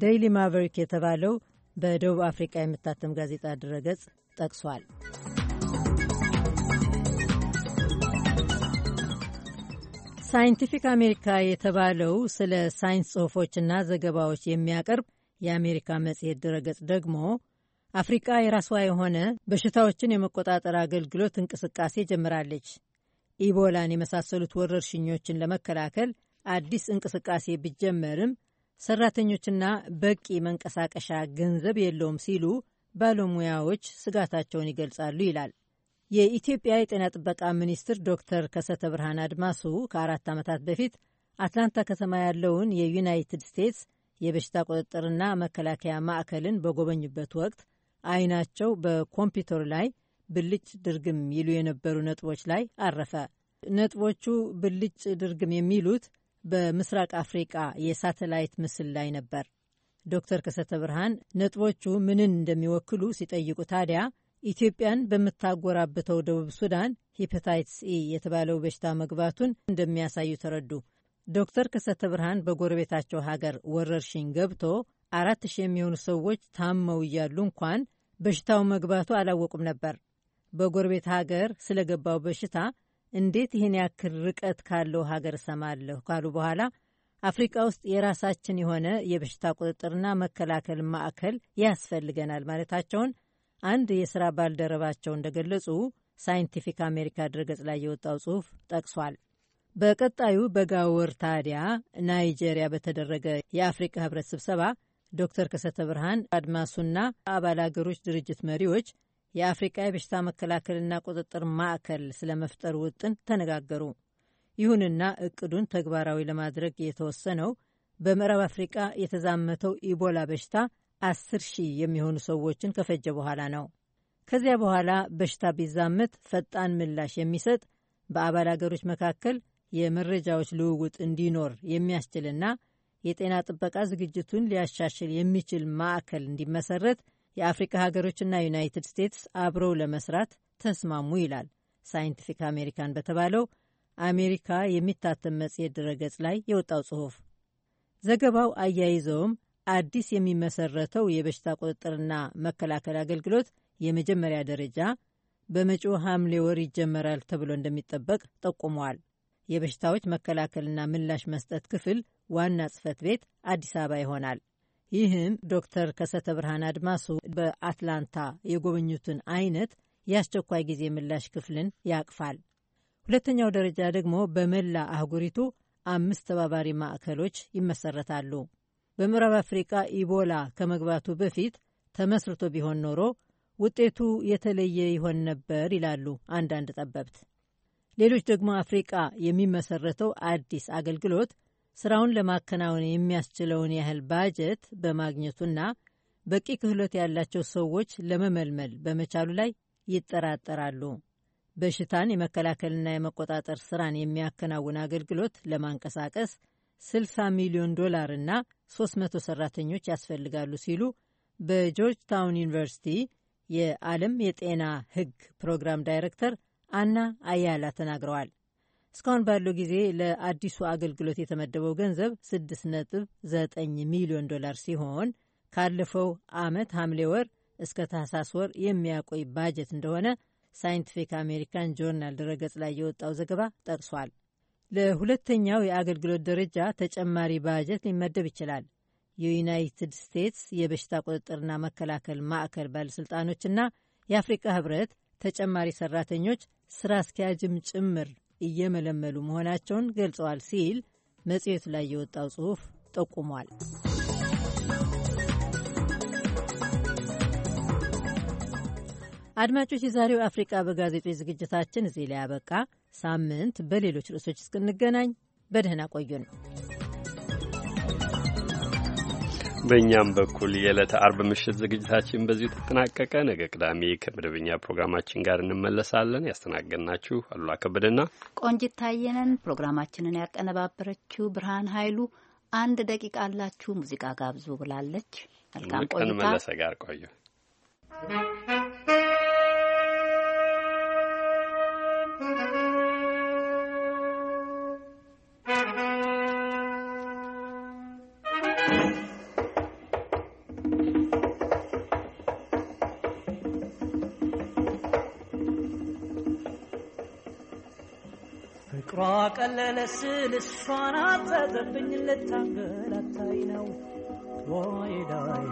ዴይሊ ማቨሪክ የተባለው በደቡብ አፍሪቃ የምታተም ጋዜጣ ድረገጽ ጠቅሷል። ሳይንቲፊክ አሜሪካ የተባለው ስለ ሳይንስ ጽሑፎችና ዘገባዎች የሚያቀርብ የአሜሪካ መጽሔት ድረገጽ ደግሞ አፍሪቃ የራስዋ የሆነ በሽታዎችን የመቆጣጠር አገልግሎት እንቅስቃሴ ጀምራለች። ኢቦላን የመሳሰሉት ወረርሽኞችን ለመከላከል አዲስ እንቅስቃሴ ቢጀመርም ሰራተኞችና በቂ መንቀሳቀሻ ገንዘብ የለውም ሲሉ ባለሙያዎች ስጋታቸውን ይገልጻሉ ይላል። የኢትዮጵያ የጤና ጥበቃ ሚኒስትር ዶክተር ከሰተ ብርሃን አድማሱ ከአራት ዓመታት በፊት አትላንታ ከተማ ያለውን የዩናይትድ ስቴትስ የበሽታ ቁጥጥርና መከላከያ ማዕከልን በጎበኙበት ወቅት አይናቸው በኮምፒውተሩ ላይ ብልጭ ድርግም ይሉ የነበሩ ነጥቦች ላይ አረፈ። ነጥቦቹ ብልጭ ድርግም የሚሉት በምስራቅ አፍሪቃ የሳተላይት ምስል ላይ ነበር። ዶክተር ከሰተ ብርሃን ነጥቦቹ ምንን እንደሚወክሉ ሲጠይቁ ታዲያ ኢትዮጵያን በምታጎራብተው ደቡብ ሱዳን ሂፐታይትስ ኢ የተባለው በሽታ መግባቱን እንደሚያሳዩ ተረዱ። ዶክተር ከሰተ ብርሃን በጎረቤታቸው ሀገር ወረርሽኝ ገብቶ አራት ሺህ የሚሆኑ ሰዎች ታመው እያሉ እንኳን በሽታው መግባቱ አላወቁም ነበር። በጎረቤት ሀገር ስለገባው በሽታ እንዴት ይህን ያክል ርቀት ካለው ሀገር እሰማለሁ ካሉ በኋላ አፍሪቃ ውስጥ የራሳችን የሆነ የበሽታ ቁጥጥርና መከላከል ማዕከል ያስፈልገናል ማለታቸውን አንድ የሥራ ባልደረባቸው እንደገለጹ ሳይንቲፊክ አሜሪካ ድረገጽ ላይ የወጣው ጽሑፍ ጠቅሷል። በቀጣዩ በጋ ወር ታዲያ ናይጄሪያ በተደረገ የአፍሪካ ህብረት ስብሰባ ዶክተር ከሰተ ብርሃን አድማሱና አባል አገሮች ድርጅት መሪዎች የአፍሪቃ የበሽታ መከላከልና ቁጥጥር ማዕከል ስለመፍጠር ውጥን ተነጋገሩ። ይሁንና እቅዱን ተግባራዊ ለማድረግ የተወሰነው በምዕራብ አፍሪቃ የተዛመተው ኢቦላ በሽታ አስር ሺህ የሚሆኑ ሰዎችን ከፈጀ በኋላ ነው። ከዚያ በኋላ በሽታ ቢዛመት ፈጣን ምላሽ የሚሰጥ በአባል አገሮች መካከል የመረጃዎች ልውውጥ እንዲኖር የሚያስችልና የጤና ጥበቃ ዝግጅቱን ሊያሻሽል የሚችል ማዕከል እንዲመሰረት የአፍሪካ ሀገሮችና ዩናይትድ ስቴትስ አብረው ለመስራት ተስማሙ ይላል ሳይንቲፊክ አሜሪካን በተባለው አሜሪካ የሚታተም መጽሔት ድረገጽ ላይ የወጣው ጽሑፍ። ዘገባው አያይዘውም አዲስ የሚመሰረተው የበሽታ ቁጥጥርና መከላከል አገልግሎት የመጀመሪያ ደረጃ በመጪው ሐምሌ ወር ይጀመራል ተብሎ እንደሚጠበቅ ጠቁመዋል። የበሽታዎች መከላከልና ምላሽ መስጠት ክፍል ዋና ጽህፈት ቤት አዲስ አበባ ይሆናል። ይህም ዶክተር ከሰተ ብርሃን አድማሱ በአትላንታ የጎበኙትን አይነት የአስቸኳይ ጊዜ ምላሽ ክፍልን ያቅፋል። ሁለተኛው ደረጃ ደግሞ በመላ አህጉሪቱ አምስት ተባባሪ ማዕከሎች ይመሰረታሉ። በምዕራብ አፍሪቃ ኢቦላ ከመግባቱ በፊት ተመስርቶ ቢሆን ኖሮ ውጤቱ የተለየ ይሆን ነበር ይላሉ አንዳንድ ጠበብት። ሌሎች ደግሞ አፍሪቃ የሚመሰረተው አዲስ አገልግሎት ስራውን ለማከናወን የሚያስችለውን ያህል ባጀት በማግኘቱና በቂ ክህሎት ያላቸው ሰዎች ለመመልመል በመቻሉ ላይ ይጠራጠራሉ። በሽታን የመከላከልና የመቆጣጠር ስራን የሚያከናውን አገልግሎት ለማንቀሳቀስ 60 ሚሊዮን ዶላር እና 300 ሰራተኞች ያስፈልጋሉ ሲሉ በጆርጅ ታውን ዩኒቨርሲቲ የዓለም የጤና ሕግ ፕሮግራም ዳይሬክተር አና አያላ ተናግረዋል። እስካሁን ባለው ጊዜ ለአዲሱ አገልግሎት የተመደበው ገንዘብ 6.9 ሚሊዮን ዶላር ሲሆን ካለፈው ዓመት ሐምሌ ወር እስከ ታህሳስ ወር የሚያቆይ ባጀት እንደሆነ ሳይንቲፊክ አሜሪካን ጆርናል ድረገጽ ላይ የወጣው ዘገባ ጠቅሷል። ለሁለተኛው የአገልግሎት ደረጃ ተጨማሪ ባጀት ሊመደብ ይችላል። የዩናይትድ ስቴትስ የበሽታ ቁጥጥርና መከላከል ማዕከል ባለሥልጣኖችና የአፍሪቃ ህብረት ተጨማሪ ሰራተኞች ስራ አስኪያጅም ጭምር እየመለመሉ መሆናቸውን ገልጸዋል ሲል መጽሔቱ ላይ የወጣው ጽሑፍ ጠቁሟል። አድማጮች፣ የዛሬው አፍሪቃ በጋዜጦች ዝግጅታችን እዚህ ላይ ያበቃ። ሳምንት በሌሎች ርዕሶች እስክንገናኝ በደህና ቆዩን። በእኛም በኩል የዕለተ አርብ ምሽት ዝግጅታችን በዚሁ ተጠናቀቀ። ነገ ቅዳሜ ከመደበኛ ፕሮግራማችን ጋር እንመለሳለን። ያስተናገድናችሁ አሉላ ከበደና ቆንጂት ፕሮግራማችንን ያቀነባበረችው ብርሃን ኃይሉ አንድ ደቂቃ አላችሁ ሙዚቃ ጋብዙ ብላለች። መልካም ቆይታ። ቀን መለሰ ጋር ቆዩ ፍቅሯ ቀለለ ስል እሷን አጠገብኝ ልታንገላታይ ነው ወይዳይ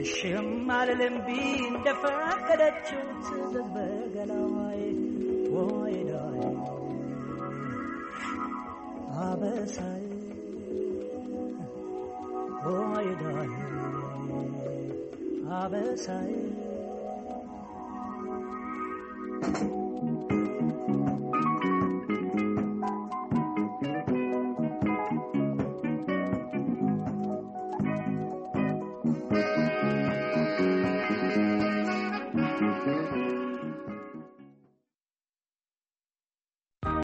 እሽም አልልም ቢ እንደፈቀደችው ትዘዝ በገላዋይ ወይዳይ አበሳይ ወይዳይ አበሳይ